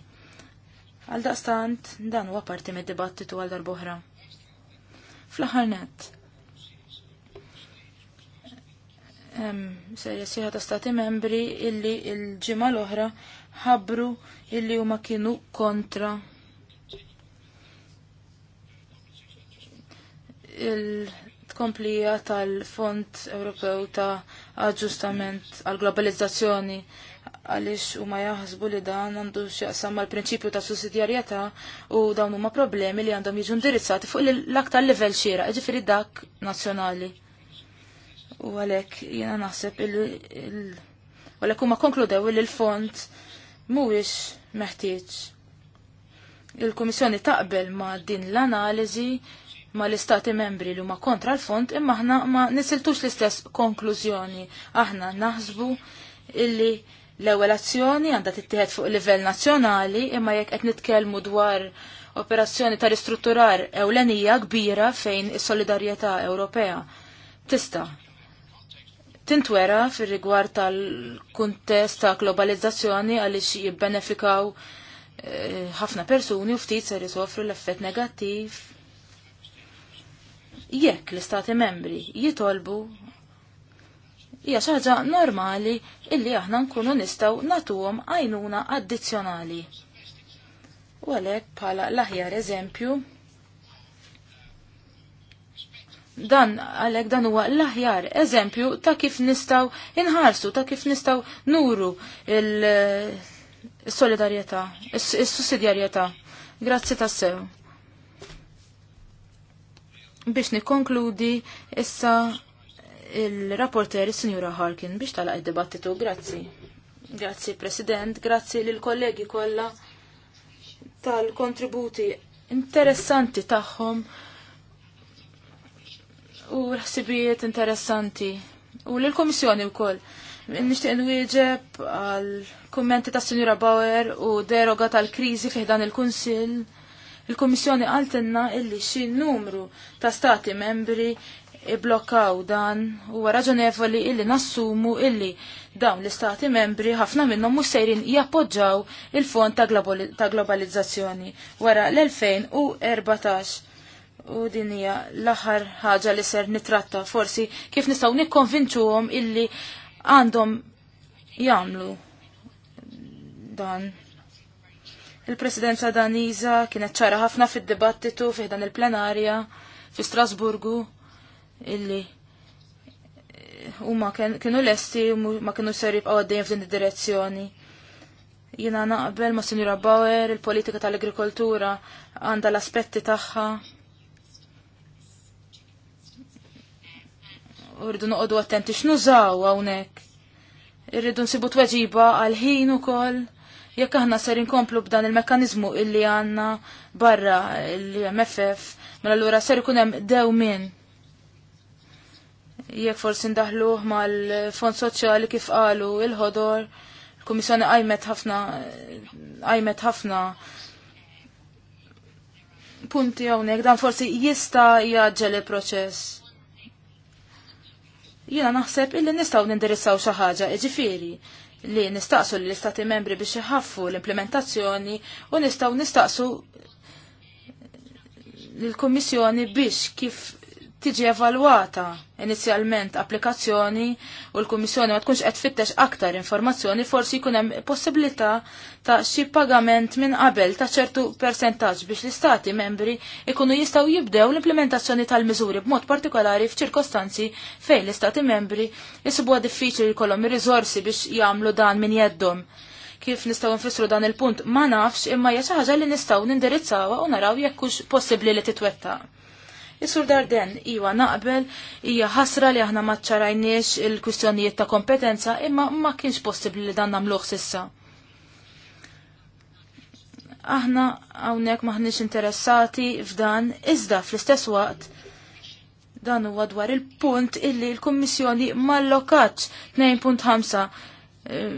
Għal daqstant, dan huwa parti mid-dibattitu għal darboħra. Fl-ħarnet, serja ta' stati membri illi il-ġimgħa l-oħra ħabru illi huma kienu kontra il-tkomplija tal-Fond Ewropew ta' Aġġustament għal-Globalizzazzjoni għaliex huma jaħsbu li dan għandu x'jaqsam mal-prinċipju ta' sussidjarjetà u dawn huma problemi li għandhom jiġu indirizzati fuq l-aktar livell xieraq, ġifieri dak nazzjonali u għalek jena naħseb il- għalek huma konkludew li l-fond mhuwiex meħtieġ. Il-Kummissjoni taqbel ma' din l-analiżi ma l-istati membri li huma kontra l-fond imma aħna ma nisiltux l-istess konklużjoni. Aħna naħsbu illi l-ewwel azzjoni għandha tittieħed fuq livell nazzjonali imma jekk qed nitkellmu dwar operazzjoni ta' ristrutturar ewlenija kbira fejn is-solidarjetà Ewropea tista' tintwera fir rigward tal-kuntest ta' globalizzazzjoni għaliex jibbenefikaw eh, ħafna persuni u ftit ser jisofru l-effett negattiv. Jekk l-istati membri jitolbu hija xi ħaġa normali illi aħna nkunu nistgħu natuhom għajnuna addizzjonali. U għalhekk bħala l-aħjar eżempju Dan għalhekk dan huwa l-aħjar eżempju ta' kif nistgħu inħarsu, ta' kif nistgħu nuru il-solidarjetà, is-sussidjarjetà. Grazzi tassew. Biex nikkonkludi issa il-rapporter is-Sinjura Harkin biex tala' id-dibattitu. Grazzi. Grazzi President, grazzi l kollegi kollha tal-kontributi interessanti tagħhom u ħsibijiet interessanti. U l-Komissjoni u koll. Nishtiq nwieġeb għal kommenti ta' Sinjura Bauer u deroga tal-krizi fiħdan il-Kunsil. Il-Komissjoni għaltenna illi xi numru ta' stati membri iblokkaw dan u raġonevoli illi nassumu illi dawn l-istati membri ħafna minnhom mhux sejrin jappoġġaw il-fond ta', globalizzazzjoni wara l-2014 U din hija l-aħħar ħaġa li ser nitratta forsi kif nistgħu nikkonvinċuhom illi għandhom jagħmlu dan. Il-presidenza Daniża kienet ċara ħafna fid-dibattitu fih dan il-plenarja fi Strasburgu illi eh, huma kienu lesti ma kienu ser jibqgħu f'din id-direzzjoni jina naqbel ma' Sinjura Bauer, il-politika tal-agrikoltura għanda l-aspetti tagħha Urridu noqogħdu attenti x'nużaw hawnhekk. Irridu nsibu tweġiba għal ħin ukoll jekk aħna ser inkomplu b'dan il-mekkaniżmu illi għandna barra il-MFF mela allura ser ikun hemm dew min. Jekk forsi ndaħluh mal-Fond Soċjali kif qalu il-ħodor, il-Kummissjoni qajmet ħafna qajmet ħafna punti hawnhekk dan forsi jista' jaġġel il-proċess. Jiena naħseb illi nistgħu nindirizzaw xi ħaġa, jiġifieri li nistaqsu l-istati membri biex iħaffu l-implementazzjoni u nistgħu nistaqsu l-Kummissjoni biex kif tiġi evalwata inizjalment applikazzjoni u l-Kummissjoni ma tkunx qed fittex aktar informazzjoni, forsi jkun hemm possibilità ta' xi pagament minn qabel ta' ċertu persentaġġ biex l-istati membri ikunu jistgħu jibdew l-implementazzjoni tal-miżuri b'mod partikolari f'ċirkostanzi fejn l-istati membri jisibuha diffiċli jkollhom ir-riżorsi biex jagħmlu dan minn jeddhom. Kif nistgħu nfissru dan il-punt ma nafx imma hija xi ħaġa li nistgħu nindirizzawha u naraw jekk hux possibbli li titwettaq. Isur Darden, iwa naqbel, hija ħasra li aħna maċċarajniex il-kwistjonijiet ta' kompetenza imma ma kienx possibli li dan nagħmluh sissa. Aħna hawnhekk maħniex interessati f'dan iżda fl-istess waqt dan huwa dwar il-punt illi l-Kummissjoni mallokatx 2.5 eh,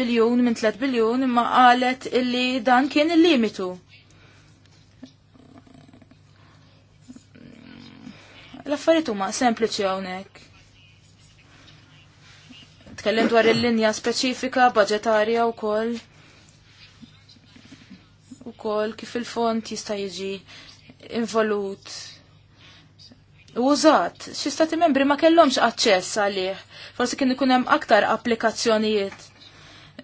biljun minn 3 biljun imma qalet illi dan kien il-limitu. L-affarijiet huma sempliċi hawnhekk. Tkellem dwar il-linja speċifika budġetarja wkoll. Ukoll kif il-font jista' jiġi involut. Użat, xi stati membri ma kellhomx aċċess għalih. Forsi kien ikun hemm aktar applikazzjonijiet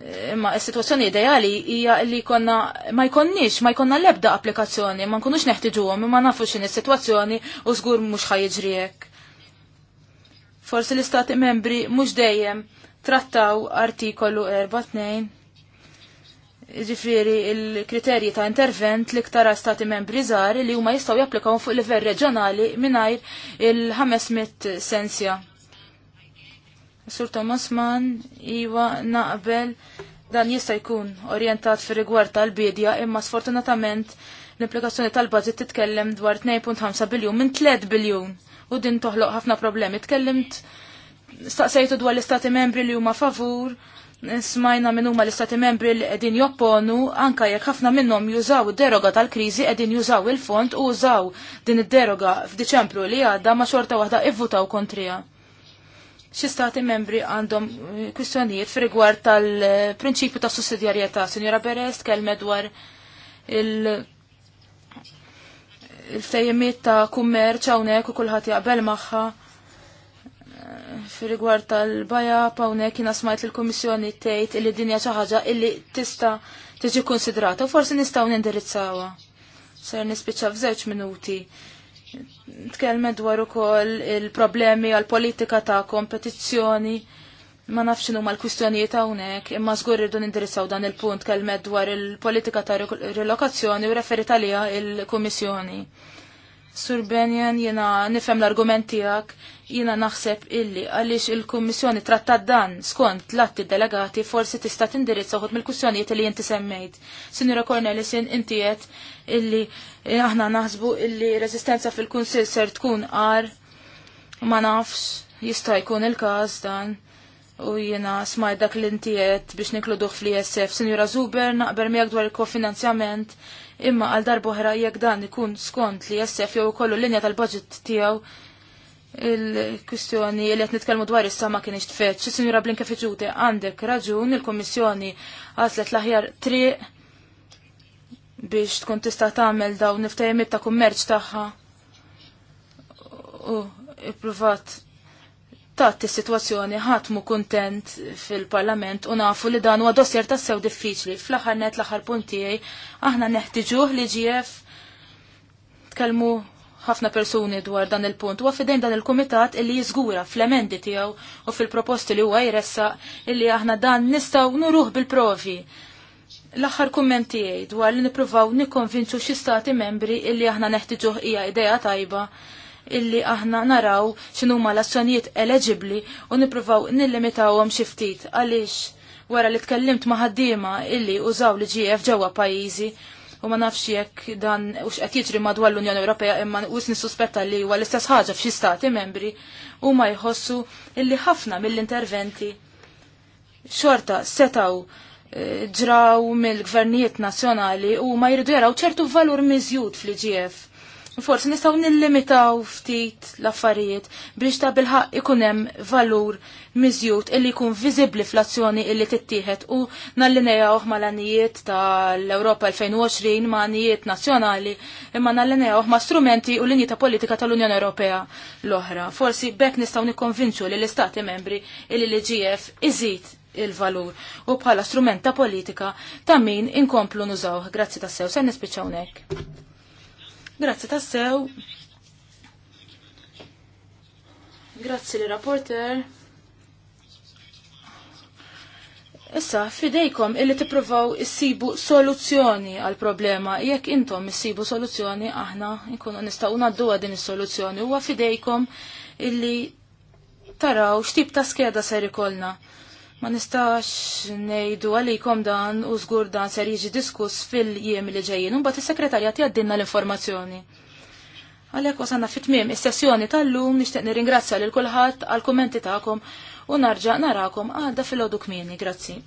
Imma s-situazzjoni ideali hija li konna ma jkonniex, ma jkonna lebda applikazzjoni, ma nkunux neħtiġuhom, imma nafux x'in is-sitwazzjoni u żgur mhux ħajġri hekk. Forsi l-istati membri mhux dejjem trattaw artikolu 4.2 Iġifieri il-kriterji ta' intervent li ktara stati membri żgħar li huma jistgħu japplikaw fuq livell reġjonali mingħajr il-500 sensja. Sur Thomas Mann, iwa, naqbel, dan jista' jkun orjentat fir rigward tal-bidja, imma sfortunatament l-implikazzjoni tal-budget titkellem dwar 2.5 biljun minn 3 biljun u din toħloq ħafna problemi. Tkellimt staqsejtu dwar l-istati membri li huma favur, smajna minn huma l-istati membri li qegħdin jopponu anka jekk ħafna minnhom jużaw id-deroga tal-kriżi qegħdin jużaw il-fond u użaw din id-deroga f'Diċembru li għadda ma xorta waħda ivvutaw kontrija xi stati membri għandhom eh, kwistjonijiet f'rigward tal-prinċipju ta' sussidjarjetà. Sinjora Berest kelme dwar il- il-fejjemiet ta' kummerċ hawnhekk u kulħadd jaqbel magħha eh, fir-rigward tal-baja hawnhekk jiena smajt il-Kummissjoni tgħid illi dinja xi ħaġa illi tista' tiġi konsidrata u forsi nistgħu nindirizzawha. Ser nispiċċa f'żewġ minuti. Tkellmet dwar ukoll il-problemi għal politika ta' kompetizzjoni. Ma nafx huma l-kwistjonijiet hawnhekk, imma żgur irdu nindirizzaw dan il-punt kelmet dwar il-politika ta' rilokazzjoni u referit għaliha il-Kummissjoni. Sur Benjen jiena nifhem l-argument tiegħek, Jina naħseb illi għaliex il-Kummissjoni trattat dan skont l-atti delegati forsi tista' tindirizz uħud mill-kussjonijiet li jinti semmejt. Sinjura Cornelisin inti qed illi eh, aħna naħsbu illi resistenza fil-Kunsill ser tkun qar ma nafx jista' jkun il-każ dan. U jena smaj dak l-intijiet biex nikluduħ fl-ISF. Sinjura Zuber naqber miegħek dwar il-kofinanzjament imma għal darba ħra jekk dan ikun skont li jessef jew ikollu linja tal-budget tiegħu il-kwistjoni li qed nitkellmu dwar issa ma kienx xi Sinjura Blinka Fiġuti għandek raġun il kummissjoni għaslet l-aħjar triq biex tkun tista' tagħmel dawn niftehimiet ta' kummerċ tagħha. U ippruvat tat is-sitwazzjoni ħatmu mu kuntent fil-Parlament u nafu li dan huwa dossier tassew diffiċli. Fl-aħħar net l-aħħar punt tiegħi aħna neħtiġuh li ġief tkellmu ħafna persuni dwar dan il-punt u għafidejn dan il-komitat illi jizgura fl-emendi tijaw u fil-proposti li huwa jressa illi aħna dan nistaw nuruħ bil-provi. L-axar kummentijaj dwar li niprovaw nikonvinċu xi stati membri illi aħna neħtiġuħ hija ideja tajba illi aħna naraw xinu ma l-azzjonijiet eleġibli u nippruvaw nillimitawhom xi ftit għaliex wara li tkellimt ma' ħaddiema illi użaw li GF ġewwa pajjiżi u ma nafx jekk dan u x'qed jiġri madwar l-Unjoni Ewropea imma wis nissuspetta li huwa l-istess ħaġa f'xi stati membri huma jħossu illi ħafna mill-interventi xorta setaw eh, ġraw mill-gvernijiet nazzjonali u ma jridu jaraw ċertu valur miżjud fl-IGF. Forsi nistgħu nillimitaw ftit l-affarijiet biex ta' bilħaq ikun hemm valur miżjud illi jkun vizibli fl-azzjoni illi tittieħed u nallinejawh l anijiet tal-Ewropa 2020 ma' anijiet nazzjonali imma nallinejawh ma' strumenti u linji ta' politika tal-Unjoni Ewropea l-oħra. Forsi bekk nistgħu nikkonvinċu li l-Istati membri illi l-GF iżid il-valur u bħala strument ta' politika ta' min inkomplu nużaw. Grazzi tassew, sew, sen nispiċawnek. Grazzi tassew. Grazzi li rapporter. Issa, fidejkom illi tipprovaw issibu soluzzjoni għal problema. Jekk intom issibu soluzzjoni, aħna nkunu nistgħu naddu din is-soluzzjoni. Huwa fidejkom illi taraw x'tip ta' skeda ser ikolna. Ma nistax nejdu għalikom dan u zgur dan ser jiġi diskuss fil-jiem li ġejjin, un bat il-sekretarjat jaddinna l-informazzjoni. Għalek wasanna fit-mim, is-sessjoni tal-lum nishtiq nirringrazzja lil kulħadd għal kummenti tagħkom u narġa' narakom għadda fil-għodu kmieni, grazzi.